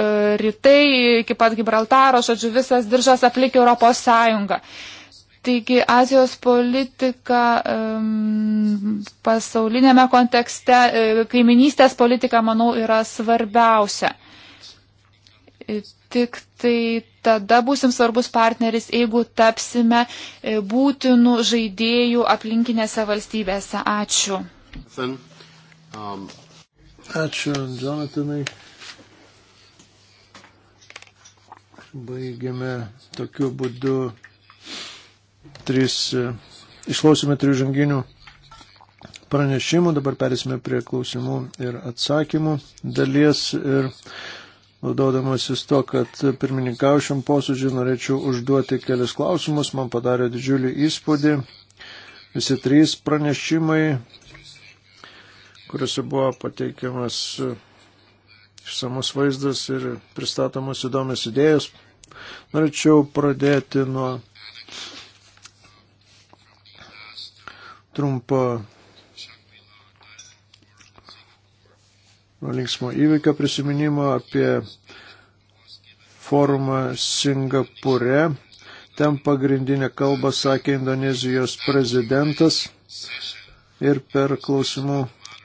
rytai, iki pat Gibraltaro, žodžiu, visas diržas aplikė Europos Sąjungą. Taigi Azijos politika um, pasaulinėme kontekste, e, kaiminystės politika, manau, yra svarbiausia tik tai tada būsim svarbus partneris, jeigu tapsime e, būtinų žaidėjų aplinkinėse valstybėse. Ačiū. Um, Ačiū, Jonatanai. Baigiame tokiu būdu tris, e, išklausime trijų žanginių pranešimų, dabar perėsime prie klausimų ir atsakymų dalies ir Naudodamasis to, kad pirmininkaušiam posėdžiui norėčiau užduoti kelias klausimus, man padarė didžiulį įspūdį. Visi trys pranešimai, kuriuose buvo pateikiamas išsamus vaizdas ir pristatomos įdomios idėjos. Norėčiau pradėti nuo trumpo nuo linksmo įvykio prisiminimo apie forumą Singapūre. Ten pagrindinę kalbą sakė Indonezijos prezidentas ir per klausimų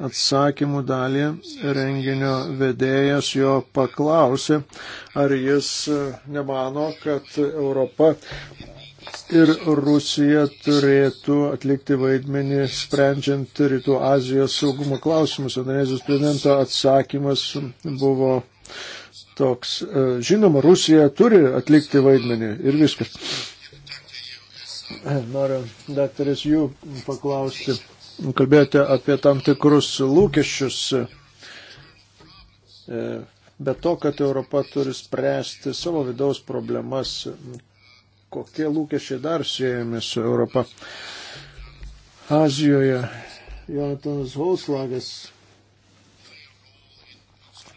atsakymų dalį renginio vedėjas jo paklausė, ar jis e, nemano, kad Europa ir Rusija turėtų atlikti vaidmenį sprendžiant Rytų Azijos saugumo klausimus. Indonezijos prezidento atsakymas buvo toks. E, žinoma, Rusija turi atlikti vaidmenį ir viskas. Noriu, daktaras, jų paklausti. Kalbėjote apie tam tikrus lūkesčius. E, be to, kad Europa turi spręsti savo vidaus problemas, kokie lūkesčiai dar siejami su Europa. Azijoje Jonatanas Volslagas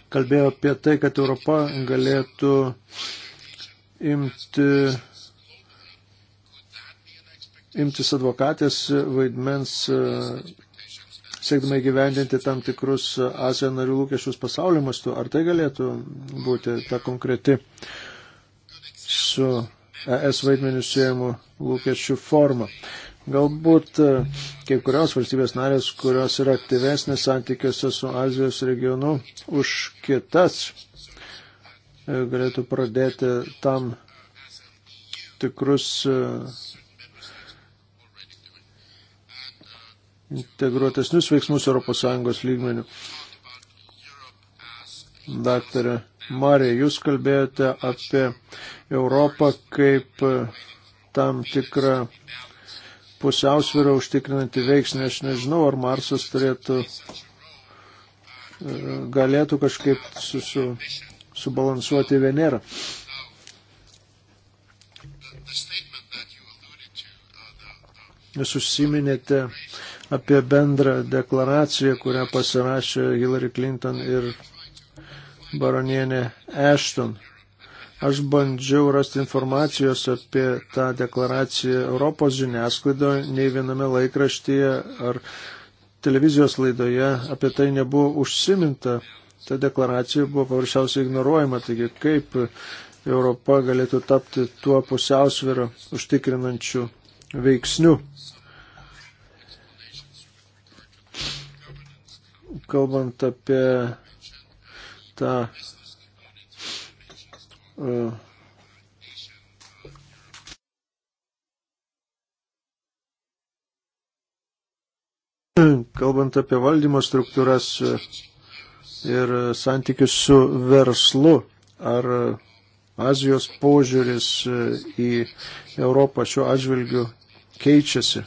kalbėjo apie tai, kad Europa galėtų imti, imtis advokatės vaidmens siekdama įgyvendinti tam tikrus Azijos narių lūkesčius pasaulio mastu. Ar tai galėtų būti ta konkreti su ES vaidmenių siejamų lūkesčių formą. Galbūt e, kai kurios valstybės narės, kurios yra aktyvesnės santykiuose su Azijos regionu už kitas, e, galėtų pradėti tam tikrus e, integruotesnius veiksmus ES lygmenių. Daktarė Marė, jūs kalbėjote apie Europą kaip e, tam tikrą pusiausvyrą užtikrinantį veiksnį. Aš nežinau, ar Marsas turėtų, e, galėtų kažkaip su, su, subalansuoti Venerą. Jūs užsiminėte apie bendrą deklaraciją, kurią pasirašė Hillary Clinton ir baronienė Ashton. Aš bandžiau rasti informacijos apie tą deklaraciją Europos žiniasklaidoje, nei viename laikraštyje ar televizijos laidoje apie tai nebuvo užsiminta. Ta deklaracija buvo paprasčiausiai ignoruojama, taigi kaip Europa galėtų tapti tuo pusiausvėro užtikrinančiu veiksniu. Kalbant apie tą uh, kalbant apie valdymo struktūras e, ir e, santykius su verslu, ar Azijos požiūris į Europą šiuo atžvilgiu keičiasi.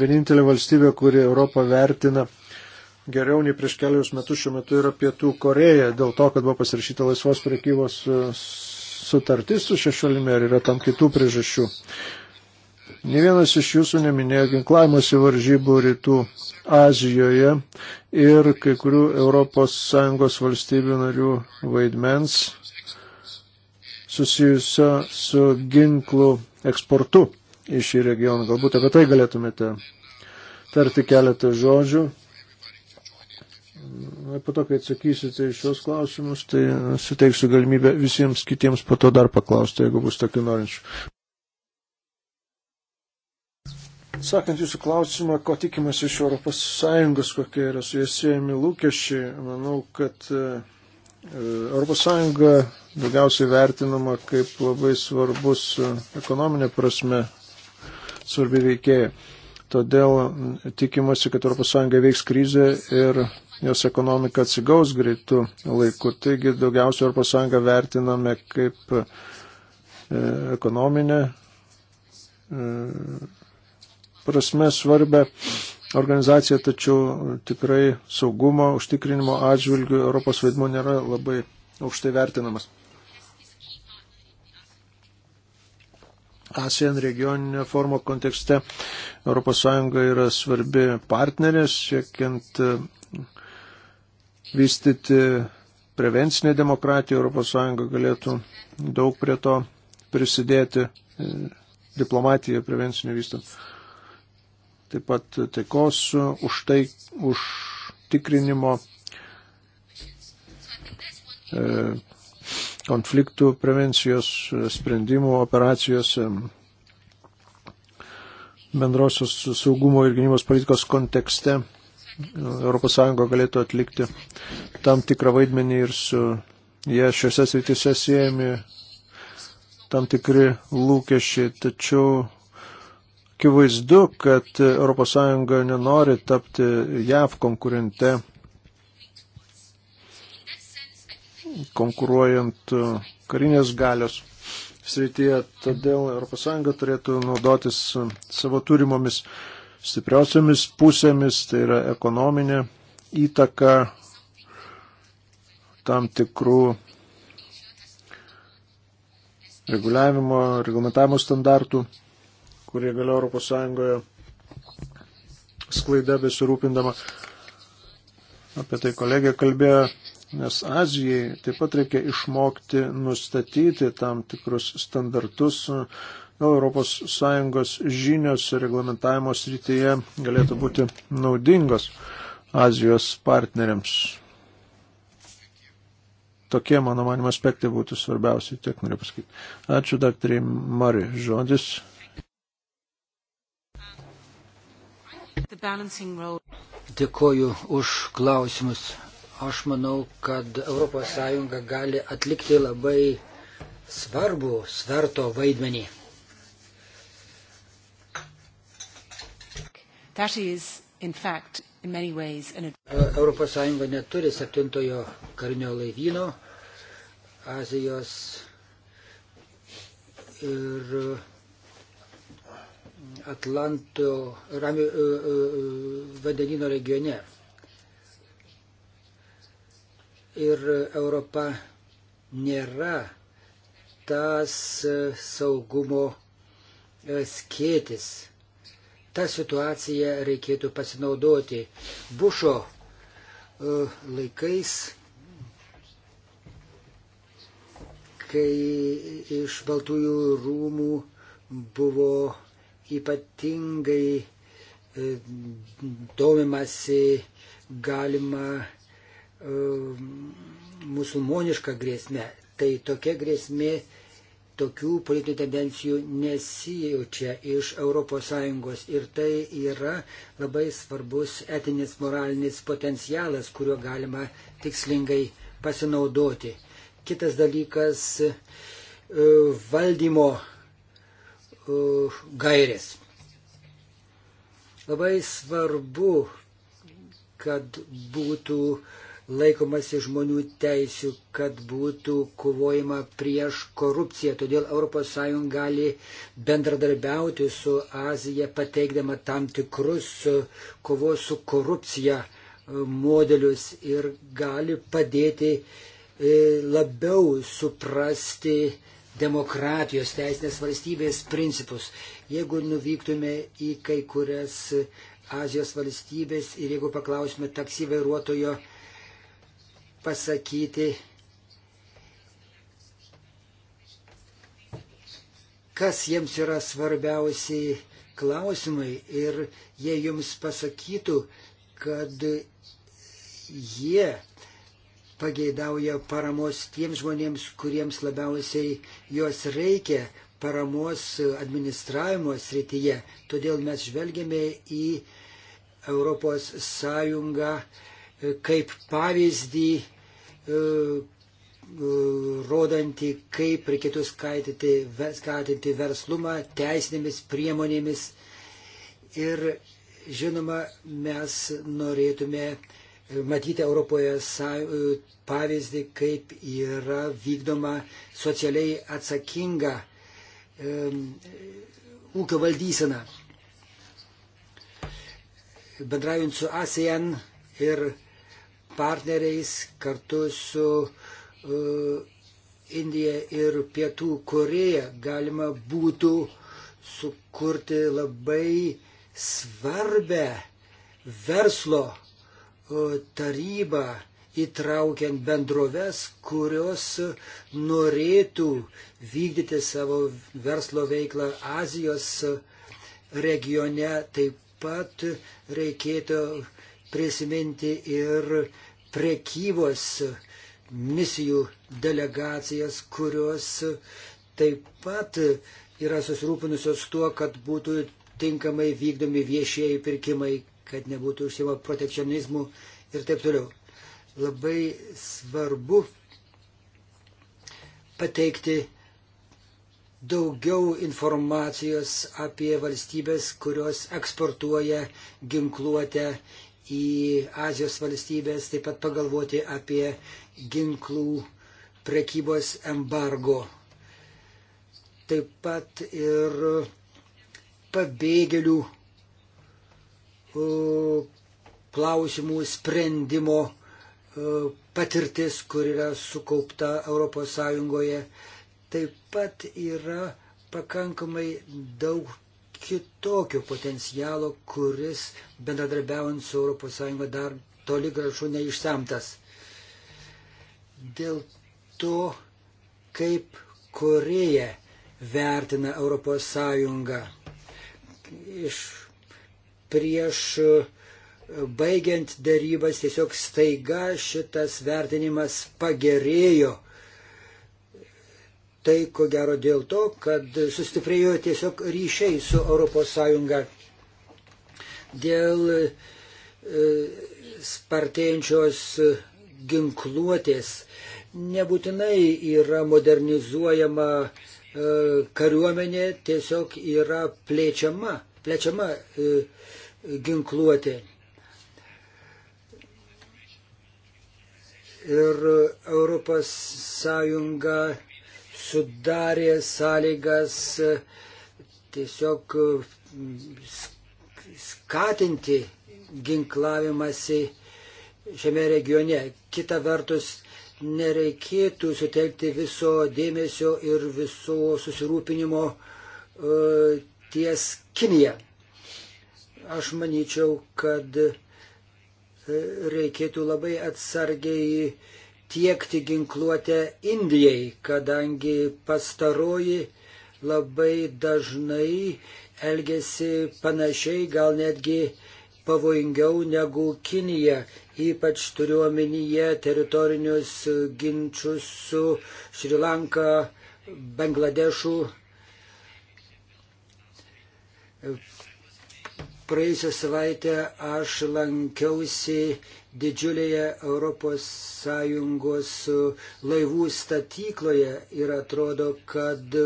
vienintelė valstybė, kuri Europą vertina geriau nei prieš kelius metus šiuo metu yra Pietų Koreja, dėl to, kad buvo pasirašyta laisvos priekybos e, sutartis su šešalimi ar yra tam kitų priežasčių. Ne vienas iš jūsų neminėjo ginklavimuose varžybų rytų Azijoje ir kai kurių ES valstybių narių vaidmens susijusio su ginklų eksportu į šį regioną. Galbūt apie tai galėtumėte tarti keletą žodžių. Po to, kai atsakysite iš šios klausimus, tai suteiksiu galimybę visiems kitiems po to dar paklausti, jeigu bus tokių norinčių. Sakant jūsų klausimą, ko tikimas iš ES, kokie yra su jais siejami lūkesčiai, manau, kad ES daugiausiai vertinama kaip labai svarbus e, ekonominė prasme svarbi veikėja. Todėl tikimasi, kad ES veiks krizė ir jos ekonomika atsigaus greitų laikų. Taigi daugiausiai ES vertiname kaip e, ekonominę e, prasme svarbę organizaciją, tačiau tikrai saugumo užtikrinimo atžvilgių Europos vaidmo nėra labai aukštai vertinamas. ASEAN regioninio formo kontekste ES yra svarbi partnerė, siekiant e, vystyti prevencinę demokratiją, ES galėtų daug prie to prisidėti e, diplomatiją prevencinį vystant. Taip pat taikos e, už tai, užtikrinimo e, konfliktų prevencijos e, sprendimų operacijose bendrosios saugumo ir gynybos politikos kontekste ES galėtų atlikti tam tikrą vaidmenį ir su jie šiuose srityse siejami tam tikri lūkesčiai, tačiau akivaizdu, kad ES nenori tapti JAV konkurente konkuruojant e, karinės galios srityje, todėl ES turėtų naudotis e, savo turimomis stipriosiomis pusėmis, tai yra ekonominė įtaka tam tikrų reguliavimo, reglamentavimo standartų, kurie galia Europos Sąjungoje sklaida besirūpindama. Apie tai kolegė kalbėjo nes Azijai taip pat reikia išmokti nustatyti tam tikrus standartus. ES žinios reglamentavimo srityje galėtų būti naudingos Azijos partneriams. Tokie, mano manimo, aspektai būtų svarbiausiai, tiek noriu pasakyti. Ačiū, daktarė Mari. Žodis. Dėkoju už klausimus Aš manau, kad ES gali atlikti labai svarbu sverto vaidmenį. Is, fact, ways, an... ES neturi septintojo karinio laivyno Azijos ir e, Atlanto rami, e, e, vandenino regione ir Europa nėra tas e, saugumo e, skėtis. Ta situacija reikėtų pasinaudoti. Bušo e, laikais, kai iš Baltųjų rūmų buvo ypatingai domimasi galima Um, musulmonišką grėsmę. Tai tokia grėsmė, tokių politinių tendencijų nesijaučia iš ES ir tai yra labai svarbus etinis moralinis potencialas, kuriuo galima tikslingai pasinaudoti. Kitas dalykas uh, - valdymo uh, gairės. Labai svarbu, kad būtų uh, laikomasi žmonių teisių, kad būtų kovojama prieš korupciją. Todėl ES gali bendradarbiauti su Azija, pateikdama tam tikrus e, kovos su korupcija e, modelius ir gali padėti e, labiau suprasti demokratijos teisinės valstybės principus. Jeigu nuvyktume į kai kurias Azijos valstybės ir jeigu paklausime taksi vairuotojo, pasakyti, kas jiems yra svarbiausiai klausimai ir jie jums pasakytų, kad jie pageidauja paramos tiems žmonėms, kuriems labiausiai jos reikia paramos administravimo srityje. Todėl mes žvelgėme į Europos Sąjungą kaip pavyzdį E, e, rodanti, kaip reikėtų skatinti verslumą teisinėmis priemonėmis. Ir žinoma, mes norėtume matyti Europoje e, pavyzdį, kaip yra vykdoma socialiai atsakinga ūkio valdysena. Bendraujant su ASEAN ir partneriais kartu su uh, Indija ir Pietų Koreja galima būtų sukurti labai svarbę verslo uh, tarybą įtraukiant bendroves, kurios norėtų vykdyti savo verslo veiklą Azijos regione. Taip pat reikėtų prisiminti ir prekybos misijų delegacijas, kurios taip pat yra susirūpinusios tuo, kad būtų tinkamai vykdomi viešieji pirkimai, kad nebūtų užsima protekcionizmų ir taip toliau. Labai svarbu pateikti daugiau informacijos apie valstybės, kurios eksportuoja ginkluotę į Azijos valstybės, taip pat pagalvoti apie ginklų prekybos embargo. Taip pat ir pabėgėlių klausimų sprendimo patirtis, kur yra sukaupta ES. Taip pat yra pakankamai daug kitokio potencialo, kuris bendradarbiaujant su ES dar toli gražu neišsamtas. Dėl to, kaip Koreja vertina ES iš prieš e, baigiant darybas tiesiog staiga šitas vertinimas pagerėjo Tai ko gero dėl to, kad sustiprėjo tiesiog ryšiai su ES dėl e, spartėjančios ginkluotės. Nebūtinai yra modernizuojama e, kariuomenė, tiesiog yra plečiama, plečiama e, ginkluotė. Ir Europos Sąjunga sudarė sąlygas e, tiesiog e, skatinti ginklavimąsi šiame regione. Kita vertus, nereikėtų sutelkti viso dėmesio ir viso susirūpinimo e, ties Kinija. Aš manyčiau, kad reikėtų labai atsargiai tiekti ginkluotę Indijai, kadangi pastaroji labai dažnai elgesi panašiai, gal netgi pavojingiau negu Kinija, ypač turiuomenyje teritorinius ginčius su Šrilanka, Bangladešu, Praėjusią savaitę aš lankiausi didžiulėje ES laivų statykloje ir atrodo, kad e,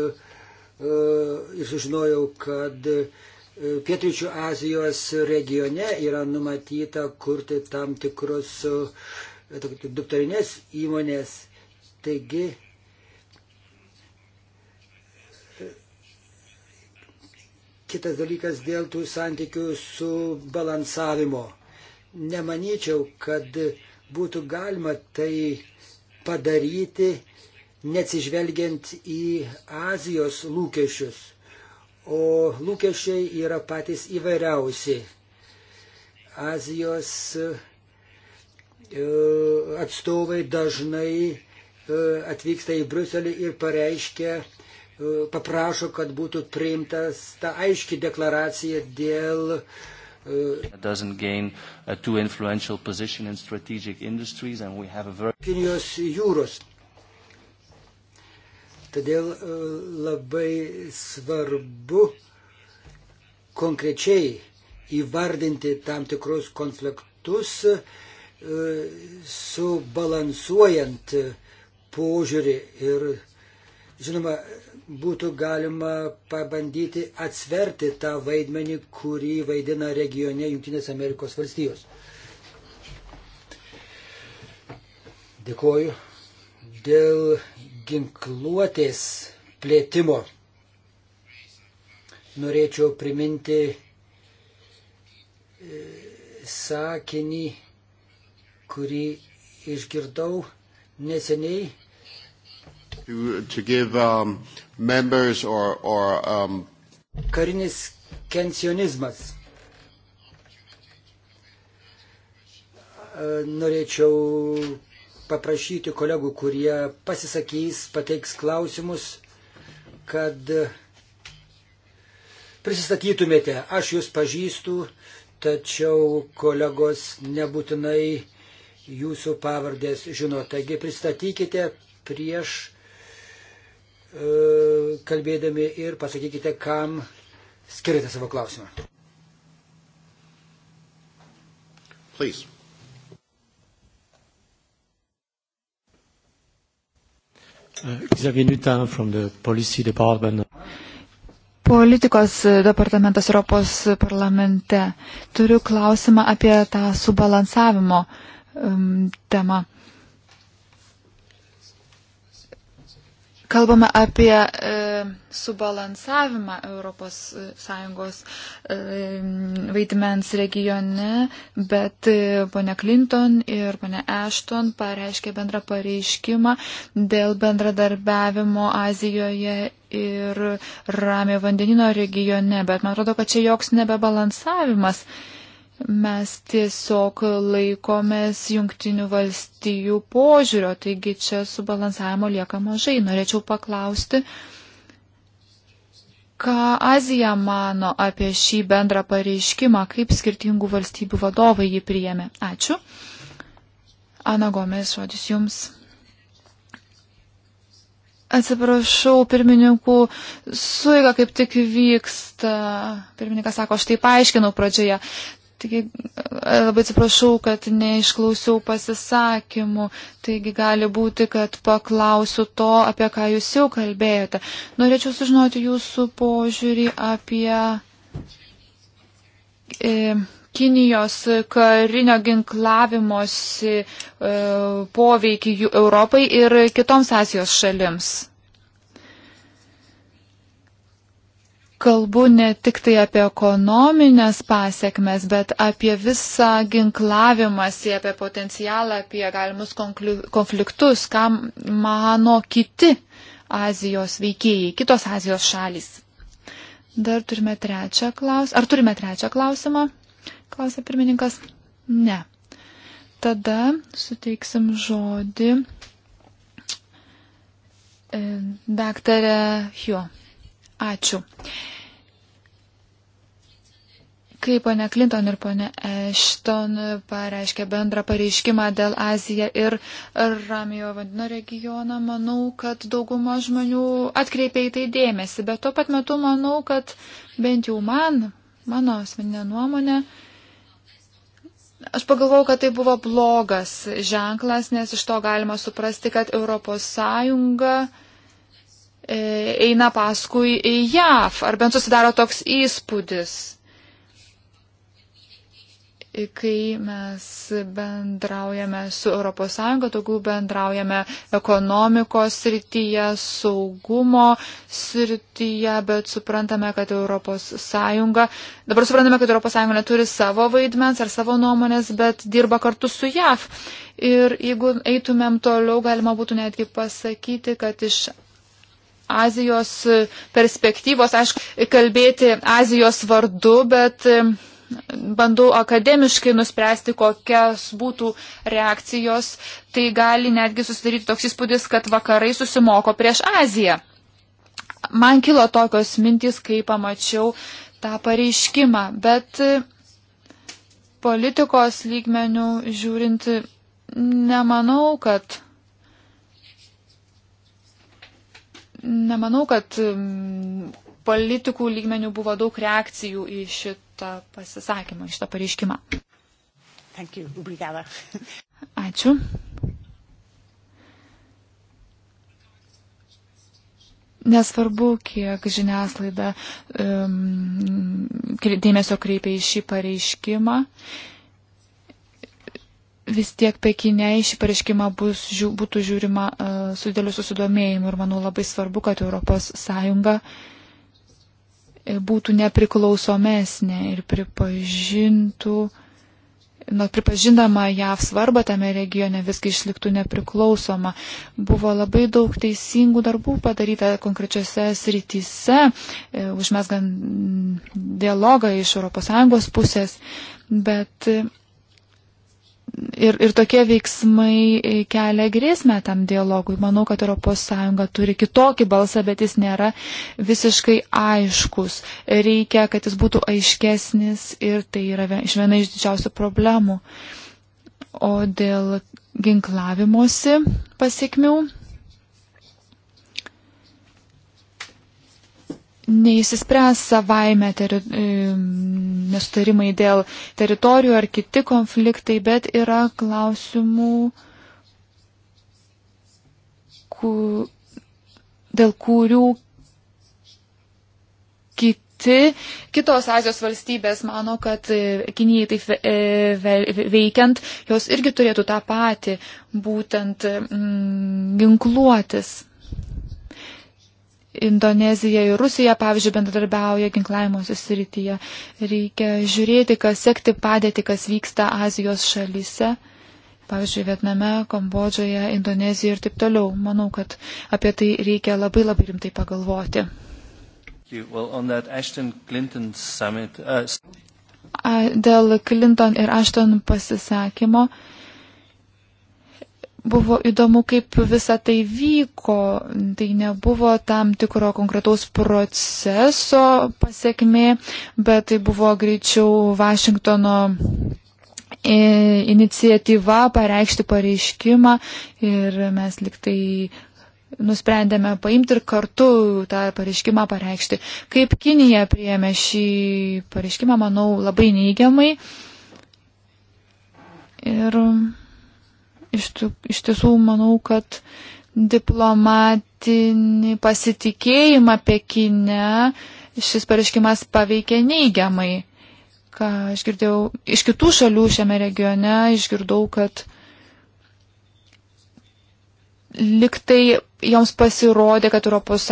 sužinojau, kad e, Pietryčių Azijos regione yra numatyta kurti tam tikrus e, dukterinės įmonės. Taigi, kitas dalykas dėl tų santykių su balansavimo nemanyčiau, kad būtų galima tai padaryti, neatsižvelgiant į Azijos lūkesčius. O lūkesčiai yra patys įvairiausi. Azijos e, atstovai dažnai e, atvyksta į Bruselį ir pareiškia, e, paprašo, kad būtų priimtas ta aiški deklaracija dėl uh, Uh, Kinijos jūros. Todėl uh, labai svarbu konkrečiai įvardinti tam tikrus konfliktus, uh, subalansuojant požiūrį ir, žinoma, būtų galima pabandyti atsverti tą vaidmenį, kurį vaidina regione Junktinės Amerikos valstijos. Dėkuoju dėl ginkluotės plėtimo. Norėčiau priminti e, sakinį, kurį išgirdau neseniai to, to give um, members or, or um, Karinis kencionizmas. E, norėčiau paprašyti kolegų, kurie pasisakys, pateiks klausimus, kad prisistatytumėte. Aš jūs pažįstu, tačiau kolegos nebūtinai jūsų pavardės žino. Taigi pristatykite prieš E, kalbėdami ir pasakykite, kam skiriate savo klausimą. Please. Uh, Xavier Nutin from the Policy Department. Politikos departamentas Europos parlamente. Turiu klausimą apie tą subalansavimo um, temą. Kalbame apie e, subalansavimą ES e, e, vaidmens regione, bet e, ponia Clinton ir ponia Ashton pareiškė bendrą pareiškimą dėl bendradarbiavimo Azijoje ir Ramio vandenino regione, bet man atrodo, kad čia joks nebebalansavimas. E, mes tiesiog laikomės jungtinių valstijų požiūrio, taigi čia subalansavimo lieka mažai. Norėčiau paklausti, ką Azija mano apie šį bendrą pareiškimą, kaip skirtingų valstybių vadovai jį priėmė. Ačiū. Ana Gomes, žodis jums. Atsiprašau, pirmininkų suiga kaip tik vyksta. Pirmininkas sako, aš tai paaiškinau pradžioje. Taigi e, labai atsiprašau, kad neišklausiau pasisakymų, taigi gali būti, kad paklausiu to, apie ką jūs jau kalbėjote. Norėčiau sužinoti jūsų požiūrį apie e, Kinijos karinio ginklavimosi e, poveikį Europai ir kitoms Azijos šalims. kalbu ne tik tai apie ekonominės pasiekmes, bet apie visą ginklavimąsi, apie potencialą, apie galimus konfliktus, ką mano kiti Azijos veikėjai, kitos Azijos šalys. Dar turime trečią klausimą. Ar turime trečią klausimą? Klausė pirmininkas. Ne. Tada suteiksim žodį e, daktarė Hugh. Ačiū. Kai ponia Clinton ir ponia Ashton pareiškė bendrą pareiškimą dėl Aziją ir Ramijo vandino regioną, manau, kad dauguma žmonių atkreipė į tai dėmesį, bet tuo pat metu manau, kad bent jau man, mano asmeninė nuomonė, Aš pagalvojau, kad tai buvo blogas ženklas, nes iš to galima suprasti, kad Europos Sąjunga E, eina paskui JAV, ar bent susidaro toks įspūdis, kai mes bendraujame su ES, daugiau bendraujame ekonomikos srityje, saugumo srityje, bet suprantame, kad ES, dabar suprantame, kad ES neturi savo vaidmens ar savo nuomonės, bet dirba kartu su JAV. Ir jeigu eitumėm toliau, galima būtų netgi pasakyti, kad iš Azijos perspektyvos, aišku, kalbėti Azijos vardu, bet e, bandau akademiškai nuspręsti, kokias būtų reakcijos, tai gali netgi susidaryti toks įspūdis, kad vakarai susimoko prieš Aziją. Man kilo tokios mintys, kai pamačiau tą pareiškimą, bet e, politikos lygmenių žiūrint, nemanau, kad nemanau, kad mm, politikų lygmenių buvo daug reakcijų į šitą pasisakymą, į šitą pareiškimą. Ačiū. Nesvarbu, kiek žiniaslaida um, dėmesio kreipia į šį pareiškimą, uh, vis tiek Pekinė į šį pareiškimą bus, žiū, būtų žiūrima uh, su dėliu susidomėjimu ir manau labai svarbu, kad ES e, būtų nepriklausomesnė ir pripažintų, nu, pripažindama JAV svarbą tame regione viskai išliktų nepriklausoma. Buvo labai daug teisingų darbų padaryta konkrečiose srityse, uh, e, užmesgant dialogą iš ES pusės, bet uh, ir, ir tokie veiksmai e, kelia grėsmę tam dialogui. Manau, kad ES turi kitokį balsą, bet jis nėra visiškai aiškus. Reikia, kad jis būtų aiškesnis ir tai yra iš viena iš didžiausių problemų. O dėl ginklavimosi pasiekmių neįsispręs savaime teri, e, nesutarimai dėl teritorijų ar kiti konfliktai, bet yra klausimų, ku, dėl kurių kiti, kitos Azijos valstybės mano, kad e, Kinijai taip e, veikiant, jos irgi turėtų tą patį, būtent mm, ginkluotis. Indonezija ir Rusija, pavyzdžiui, bendradarbiauja ginklavimosi srityje. Reikia žiūrėti, kas sekti padėti, kas vyksta Azijos šalyse. Pavyzdžiui, Vietname, Kambodžoje, Indonezijoje ir taip toliau. Manau, kad apie tai reikia labai labai rimtai pagalvoti. Uh, dėl Clinton ir Ashton pasisakymo Buvo įdomu, kaip visa tai vyko. Tai nebuvo tam tikro konkretaus proceso pasiekmė, bet tai buvo greičiau Vašingtono e, iniciatyva pareikšti pareiškimą ir mes liktai nusprendėme paimti ir kartu tą pareiškimą pareikšti. Kaip Kinija priėmė šį pareiškimą, manau, labai neigiamai. Ir iš, iš tiesų manau, kad diplomatinį pasitikėjimą Pekine šis pareiškimas paveikė neigiamai. Ką aš girdėjau iš kitų šalių šiame regione, išgirdau, kad liktai joms pasirodė, kad ES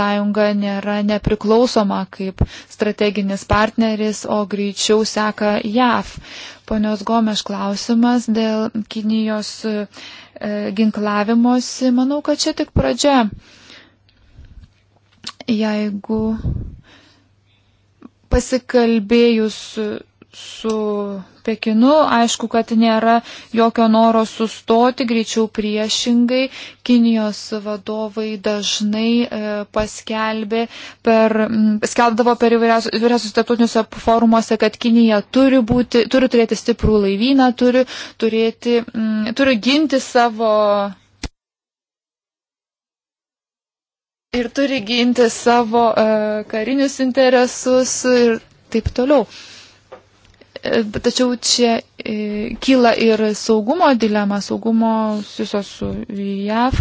nėra nepriklausoma kaip strateginis partneris, o greičiau seka JAV. Ponios Gomeš klausimas dėl Kinijos e, ginklavimosi, manau, kad čia tik pradžia. Jeigu pasikalbėjus su Pekinu, aišku, kad nėra jokio noro sustoti, greičiau priešingai. Kinijos vadovai dažnai e, paskelbė per, skelbdavo per įvairiausius statutinius forumuose, kad Kinija turi, būti, turi turėti stiprų laivyną, turi, turėti, m, turi ginti savo. Ir turi ginti savo e, karinius interesus ir taip toliau. E, E, tačiau čia e, kyla ir saugumo dilema, saugumo susios su JAV,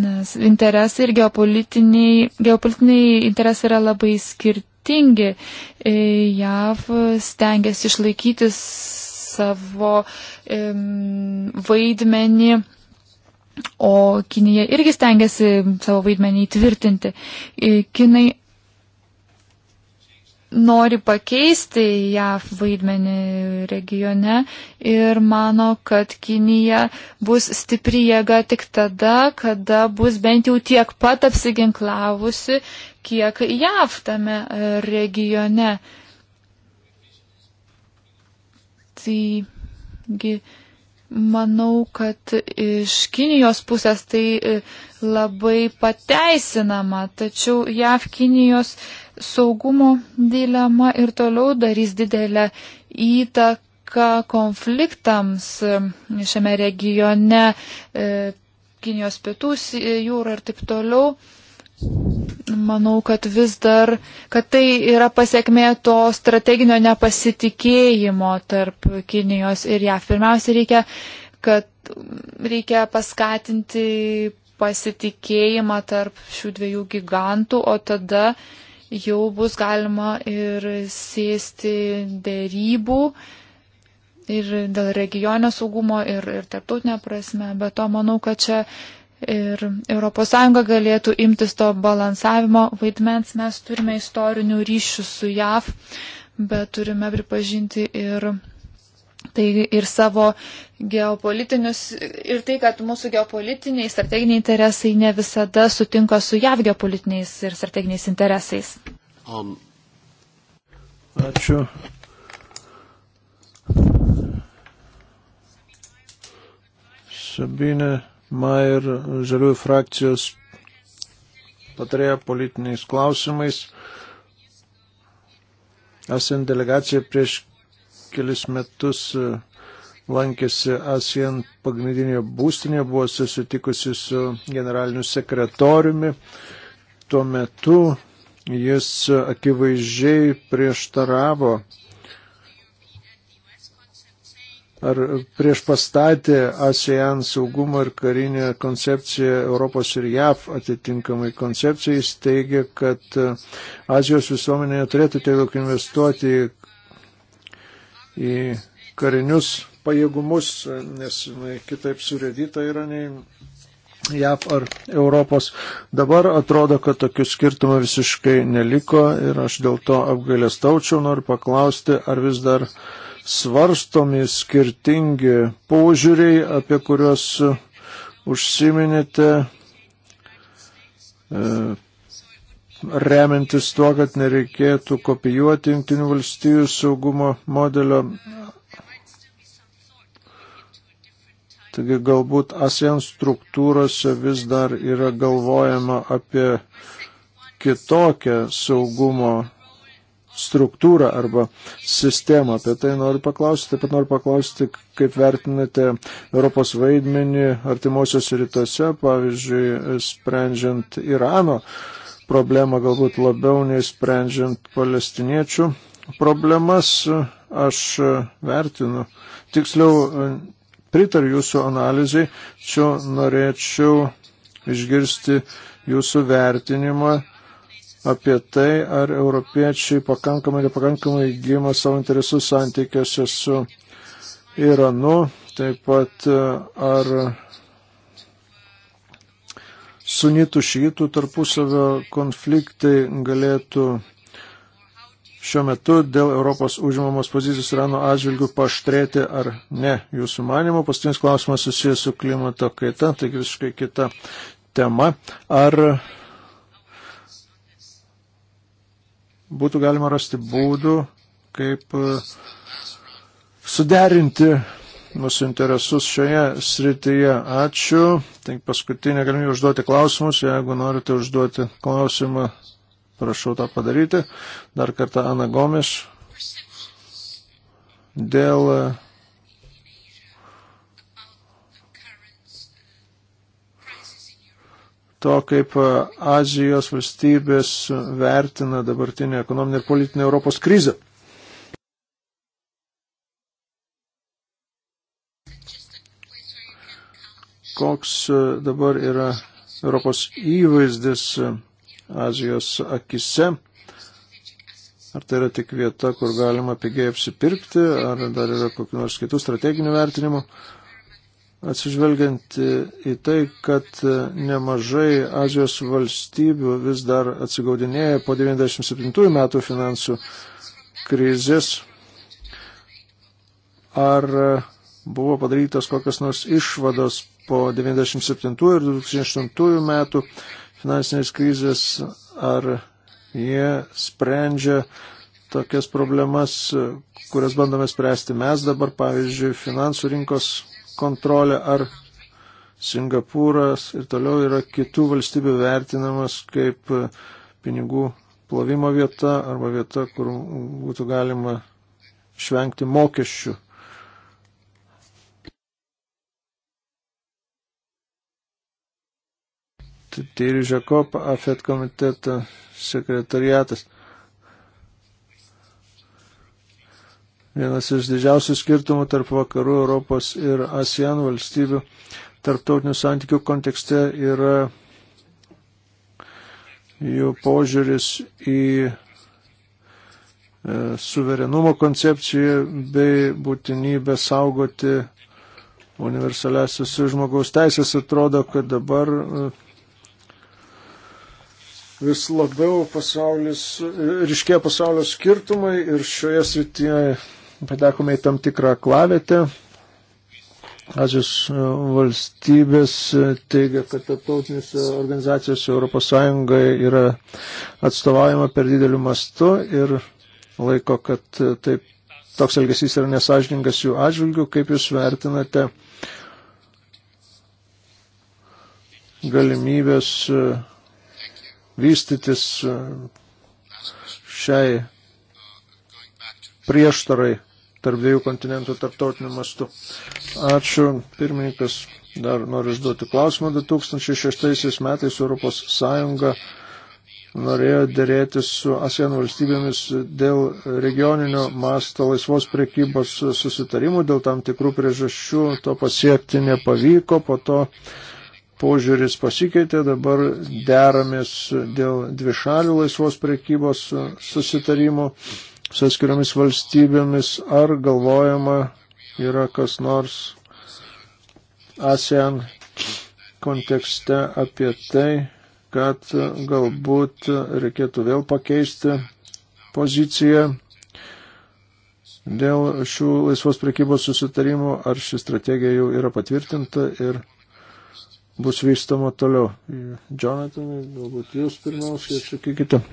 nes interesai ir geopolitiniai, geopolitiniai interesai yra labai skirtingi. E, JAV stengiasi išlaikyti savo vaidmenį. O Kinija irgi stengiasi savo vaidmenį įtvirtinti. Kinai nori pakeisti JAV vaidmenį regione ir mano, kad Kinija bus stipri jėga tik tada, kada bus bent jau tiek pat apsiginklavusi, kiek JAV tame regione. Taigi, Manau, kad iš Kinijos pusės tai e, labai pateisinama, tačiau JAV Kinijos saugumo dilema ir toliau darys didelę įtaką konfliktams e, šiame regione, e, Kinijos pietų jūra ir taip toliau. Manau, kad vis dar, kad tai yra pasiekmė to strateginio nepasitikėjimo tarp Kinijos ir JAV. Pirmiausia, reikia, kad reikia paskatinti pasitikėjimą tarp šių dviejų gigantų, o tada jau bus galima ir sėsti dėrybų ir dėl regionio saugumo, ir, ir tarptautinė prasme. Bet to manau, kad čia ir ES galėtų imtis to balansavimo vaidmens. Mes turime istorinių ryšių su JAV, bet turime pripažinti ir. Tai ir savo geopolitinius, ir tai, kad mūsų geopolitiniai strateginiai interesai ne visada sutinka su JAV geopolitiniais ir strateginiais interesais. Um. Ačiū. Sabine Mair žaliųjų frakcijos patarėja politiniais klausimais. ASEAN delegacija prieš kelis metus e, lankėsi ASEAN pagrindinėje būstinėje, buvo susitikusi su generaliniu sekretoriumi. Tuo metu jis akivaizdžiai prieštaravo ar prieš pastatė ASEAN saugumo ir karinę koncepciją Europos ir JAV atitinkamai koncepcijai, jis teigia, kad e, Azijos visuomenė neturėtų tiek daug investuoti į karinius pajėgumus, nes na, kitaip surėdyta yra nei JAV ar Europos. Dabar atrodo, kad tokių skirtumų visiškai neliko ir aš dėl to apgailestaučiau, noriu paklausti, ar vis dar uh, svarstomi skirtingi požiūriai, apie kuriuos užsiminėte, e, remiantis tuo, kad nereikėtų kopijuoti Junktinių valstybių saugumo modelio. Taigi galbūt ASEAN struktūrose vis dar yra galvojama apie kitokią saugumo struktūrą arba sistemą. Apie tai noriu paklausti. Taip pat noriu paklausti, kaip vertinate Europos vaidmenį artimuosiuose rytuose, pavyzdžiui, sprendžiant Irano problemą galbūt labiau nei sprendžiant palestiniečių problemas. Aš vertinu. Tiksliau, pritariu jūsų analizai, čia norėčiau išgirsti jūsų vertinimą apie tai, ar europiečiai pakankamai ir nepakankamai gima savo interesus santykiuose su Iranu, taip pat ar sunitų šytų tarpusavio konfliktai galėtų šiuo metu dėl Europos užimamos pozicijos Irano atžvilgių paštrėti ar ne. Jūsų manimo, paskutinis klausimas susijęs su klimato kaita, taigi visiškai kita tema. Ar būtų galima rasti būdų, kaip e, suderinti mūsų interesus šioje srityje. Ačiū. Tik paskutinė galimybė užduoti klausimus. Jeigu norite užduoti klausimą, prašau tą padaryti. Dar kartą Ana Gomiš. Dėl e, to, kaip e, Azijos valstybės vertina dabartinę ekonominę ir politinę Europos krizę. Koks e, dabar yra Europos įvaizdis e, Azijos akise? Ar tai yra tik vieta, kur galima pigiai apsipirkti, ar dar yra kokių nors kitų strateginių vertinimų? atsižvelgiant į tai, kad nemažai Azijos valstybių vis dar atsigaudinėja po 97 metų finansų krizės. Ar buvo padarytos kokios nors išvados po 97 ir 2008 metų finansinės krizės, ar jie sprendžia tokias problemas, kurias bandome spręsti mes dabar, pavyzdžiui, finansų rinkos kontrolę, ar Singapūras ir toliau yra kitų valstybių vertinamas kaip e, pinigų plovimo vieta arba vieta, kur būtų galima švengti mokesčių. Tyri Žakop, AFET komiteto sekretariatas. Vienas iš didžiausių skirtumų tarp vakarų Europos ir ASEAN valstybių tarptautinių santykių kontekste yra jų požiūris į e, suverenumo koncepciją bei būtinybę saugoti universaliasias žmogaus teisės. Atrodo, kad dabar e, vis labiau pasaulis, e, ryškė pasaulio skirtumai ir šioje srityje patekome į tam tikrą klavietę. Azijos e, valstybės e, teigia, kad tarptautinės e, organizacijos ES yra atstovaujama per dideliu mastu ir laiko, kad taip toks elgesys yra nesažiningas jų atžvilgių. Kaip jūs vertinate galimybės vystytis šiai prieštarai tarp dviejų kontinentų tarptautiniu mastu. Ačiū, pirmininkas. Dar noriu užduoti klausimą. 2006 metais Europos Sąjunga norėjo dėrėtis su ASEAN valstybėmis dėl regioninio masto laisvos prekybos susitarimų, dėl tam tikrų priežasčių to pasiekti nepavyko, po to požiūris pasikeitė, dabar deramės dėl dvišalių laisvos prekybos susitarimų su atskiromis valstybėmis, ar galvojama yra kas nors ASEAN kontekste apie tai, kad galbūt reikėtų vėl pakeisti poziciją dėl šių laisvos prekybos susitarimų, ar ši strategija jau yra patvirtinta ir bus vystoma toliau. Jonathanai, galbūt jūs pirmiausiai atsakykite.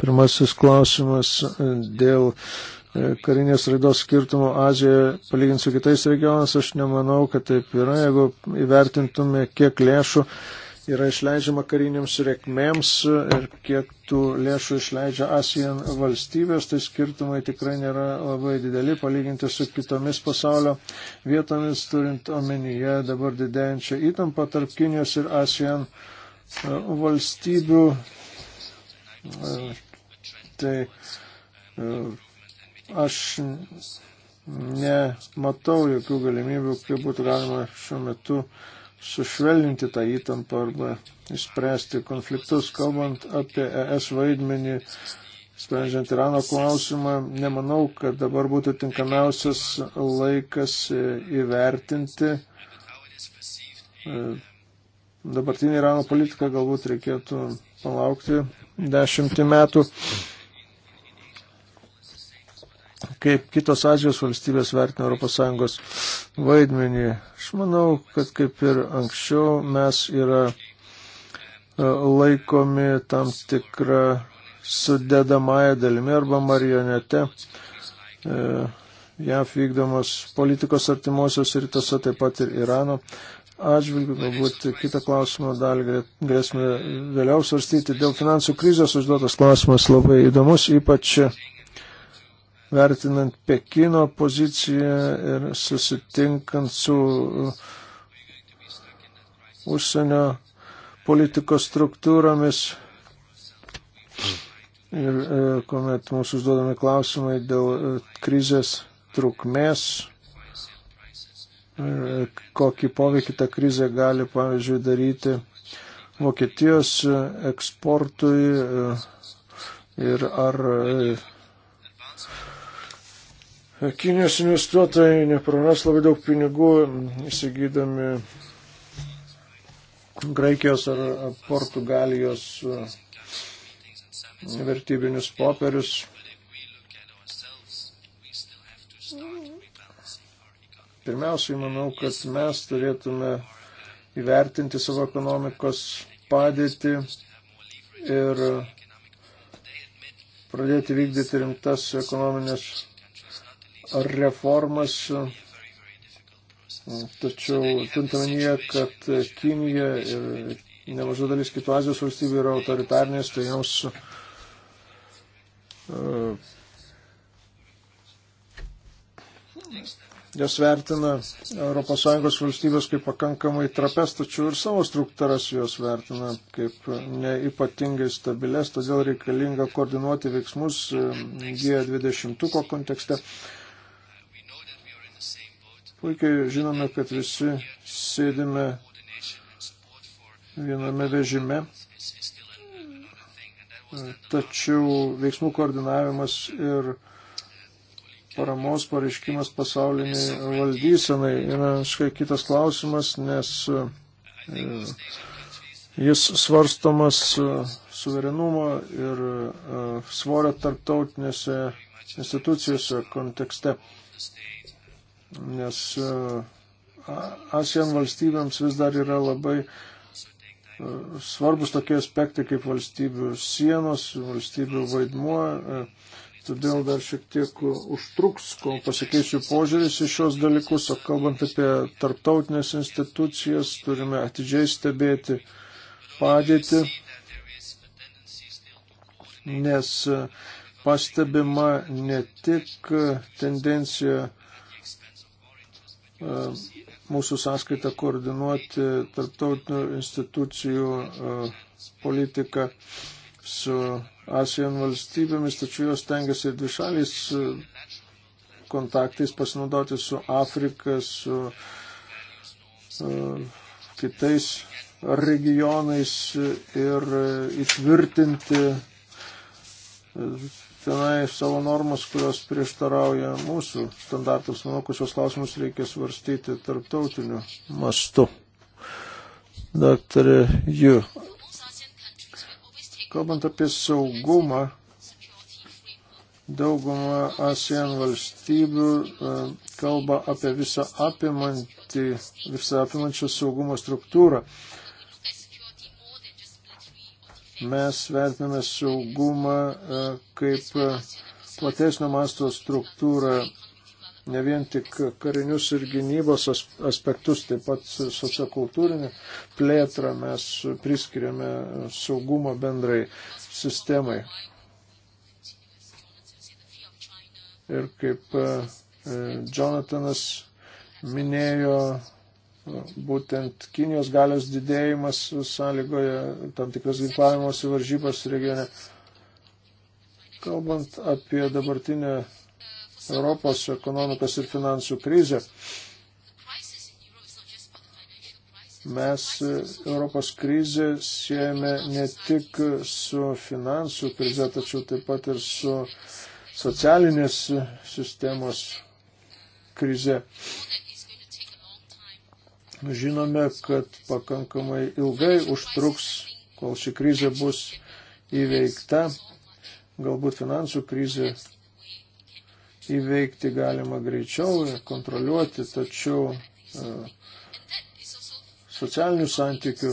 Pirmasis klausimas e, dėl e, karinės raidos skirtumų Azijoje palyginti su kitais regionais, aš nemanau, kad taip yra. Jeigu įvertintume, kiek lėšų yra išleidžiama kariniams reikmėms ir kiek tų lėšų išleidžia ASEAN valstybės, tai skirtumai tikrai nėra labai dideli palyginti su kitomis pasaulio vietomis, turint omenyje dabar didėjančią įtampą tarp Kinijos ir ASEAN e, valstybių Tai e, aš nematau jokių galimybių, kaip būtų galima šiuo metu sušvelninti tą įtampą arba išspręsti konfliktus, kalbant apie ES vaidmenį, sprendžiant Irano klausimą, nemanau, kad dabar būtų tinkamiausias laikas įvertinti e, dabartinį Irano politiką, galbūt reikėtų palaukti dešimtį metų, kaip kitos Azijos valstybės vertina ES vaidmenį. Aš manau, kad kaip ir anksčiau mes yra e, laikomi tam tikrą sudedamąją dalimi arba marionete. E, JAF vykdomos politikos artimuosios rytuose, taip pat ir Irano atžvilgių, galbūt kitą klausimą dalį galėsime vėliau svarstyti. Dėl finansų krizės užduotas klausimas labai įdomus, ypač vertinant Pekino poziciją ir susitinkant su uh, užsienio politikos struktūromis. Ir uh, kuomet mūsų užduodami klausimai dėl uh, krizės trukmės, kokį poveikį ta krizė gali, pavyzdžiui, daryti Vokietijos eksportui e, ir ar e, Kinijos investuotojai nepraras labai daug pinigų įsigydami Graikijos ar Portugalijos e, vertybinius popierius. Pirmiausiai, manau, kad mes turėtume įvertinti savo ekonomikos padėtį ir pradėti vykdyti rimtas ekonominės reformas. Tačiau tintamenyje, kad Kinija ir nemaža dalis kitų Azijos valstybių yra autoritarnės, tai joms jos vertina ES valstybės kaip pakankamai trapes, tačiau ir savo struktūras jos vertina kaip neipatingai stabilės, todėl reikalinga koordinuoti veiksmus G20 kontekste. Puikiai žinome, kad visi sėdime viename vežime, tačiau veiksmų koordinavimas ir paramos pareiškimas pasauliniai valdysenai yra škai kitas klausimas, nes e, jis svarstomas e, suverenumo ir e, svorio tarptautinėse institucijose kontekste. Nes ASEAN valstybėms vis dar yra labai svarbus tokie aspektai kaip valstybių sienos, valstybių vaidmuo, todėl dar šiek tiek užtruks, kol pasikeisiu požiūris į šios dalykus, o kalbant apie tarptautinės institucijas, turime atidžiai stebėti padėtį, nes pastebima ne tik tendencija e, mūsų sąskaitą koordinuoti tarptautinių institucijų e, politiką su ASEAN valstybėmis, tačiau jos tengiasi ir dvišaliais e, kontaktais pasinaudoti su Afrika, su uh, kitais regionais ir e, įtvirtinti tenai savo normas, kurios prieštarauja mūsų standartams. Manau, kad šios klausimus reikia svarstyti tarptautiniu mastu. Daktarė Jū, Kalbant apie saugumą, dauguma ASEAN valstybių e, kalba apie visą apimantį, visą apimančią saugumo struktūrą. Mes vertiname saugumą e, kaip platesnio masto struktūrą ne vien tik karinius ir gynybos aspektus, taip pat sociokultūrinį plėtrą mes priskiriame saugumo bendrai sistemai. Ir kaip e, Jonathanas minėjo, būtent Kinijos galios didėjimas sąlygoja tam tikras ginklavimosi varžybas regione. Kalbant apie dabartinę Europos ekonomikos ir finansų krizę, mes Europos krizę siejame ne tik su finansų krize, tačiau taip pat ir su socialinės sistemos krize. Žinome, kad pakankamai ilgai užtruks, kol ši krizė bus įveikta. Galbūt finansų krizė įveikti galima greičiau ir kontroliuoti, tačiau e, socialinių santykių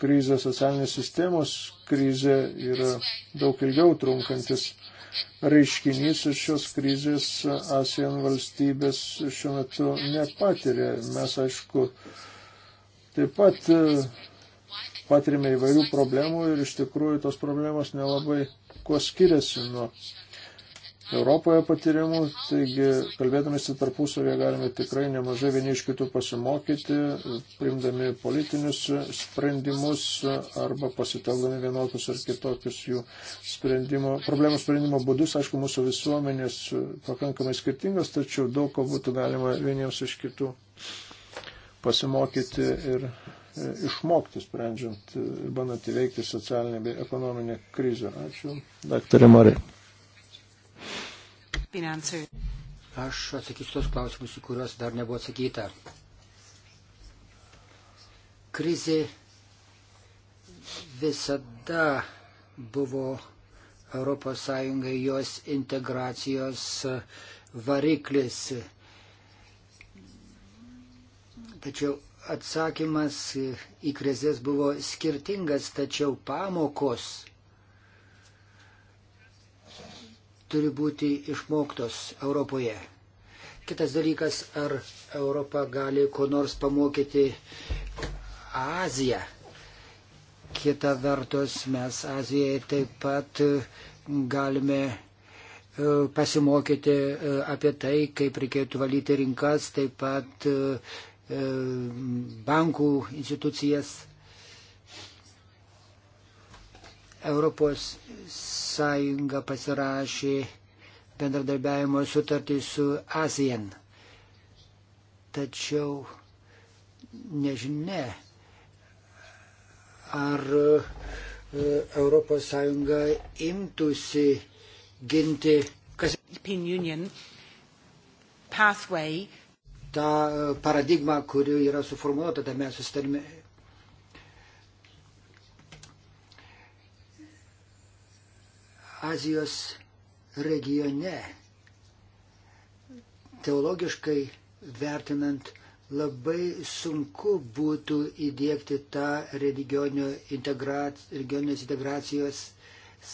krizė, socialinės sistemos krizė yra daug ilgiau trunkantis reiškinys ir šios krizės ASEAN valstybės šiuo metu nepatiria. Mes, aišku, taip pat e, patirime įvairių problemų ir iš tikrųjų tos problemos nelabai kuo skiriasi nuo Europoje patyrimų, taigi kalbėdamėsi tarpusavėje galime tikrai nemažai vieni iš kitų pasimokyti, primdami politinius sprendimus arba pasitelkdami vienokius ar kitokius jų sprendimo, problemų sprendimo būdus. Aišku, mūsų visuomenės pakankamai skirtingas, tačiau daug ko būtų galima vieniems iš kitų pasimokyti ir e, išmokti, sprendžiant e, ir bandant įveikti socialinę bei ekonominę krizę. Ačiū. Daktarė Marija. Aš atsakysiu tos klausimus, į kuriuos dar nebuvo atsakyta. Krizė visada buvo ES jos integracijos variklis. Tačiau atsakymas į krizės buvo skirtingas, tačiau pamokos turi būti išmoktos Europoje. Kitas dalykas, ar Europa gali ko nors pamokyti Aziją. Kita vertus, mes Azijai taip pat e, galime e, pasimokyti e, apie tai, kaip reikėtų valyti rinkas, taip pat bankų institucijas Europos Sąjunga pasirašė bendradarbiavimo sutartį su ASEAN. Tačiau nežinia, ar ES imtųsi ginti kas... tą e, paradigmą, kuri yra suformuota tame susitarime Azijos regione teologiškai vertinant labai sunku būtų įdėkti tą religinio integrac, regioninės integracijos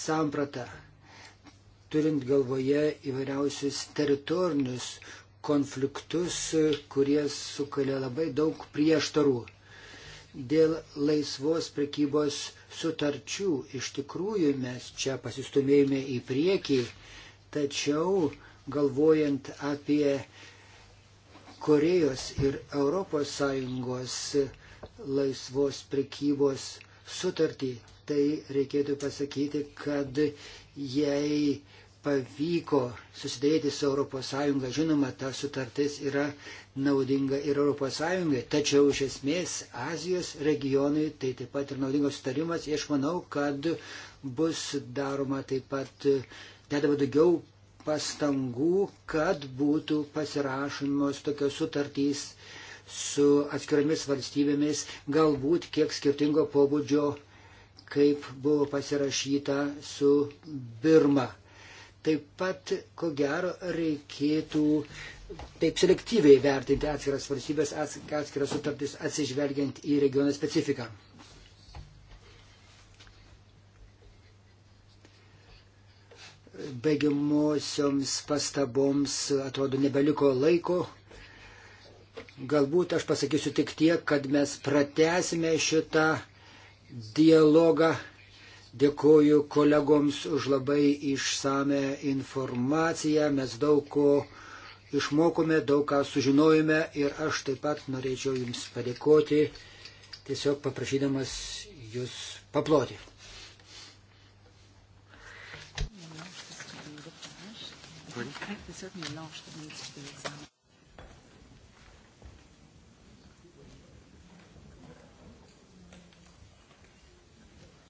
sampratą, turint galvoje įvairiausius teritorinius konfliktus, kurie sukelia labai daug prieštarų. Dėl laisvos prekybos sutarčių. Iš tikrųjų mes čia pasistumėjome į priekį, tačiau galvojant apie Korejos ir ES laisvos prekybos sutartį, tai reikėtų pasakyti, kad jei pavyko susidėti su ES. Žinoma, ta sutartis yra naudinga ir ES, tačiau iš esmės Azijos regionui tai taip pat ir naudingas sutarimas. Aš manau, kad bus daroma taip pat, dedama daugiau pastangų, kad būtų pasirašomos tokios sutartys su atskiromis valstybėmis, galbūt kiek skirtingo pobūdžio kaip buvo pasirašyta su Birma. Taip pat, ko gero, reikėtų taip selektyviai vertinti atskiras valstybės, atskiras sutartis, atsižvelgiant į regioną specifiką. Baigiamosioms pastaboms, atrodo, nebeliko laiko. Galbūt aš pasakysiu tik tiek, kad mes pratesime šitą dialogą Dėkuoju kolegoms už labai išsame informaciją. Mes daug ko išmokome, daug ką sužinojome ir aš taip pat norėčiau Jums padėkoti, tiesiog paprašydamas Jūs paploti. Oui. Certainly, large that needs to be examined.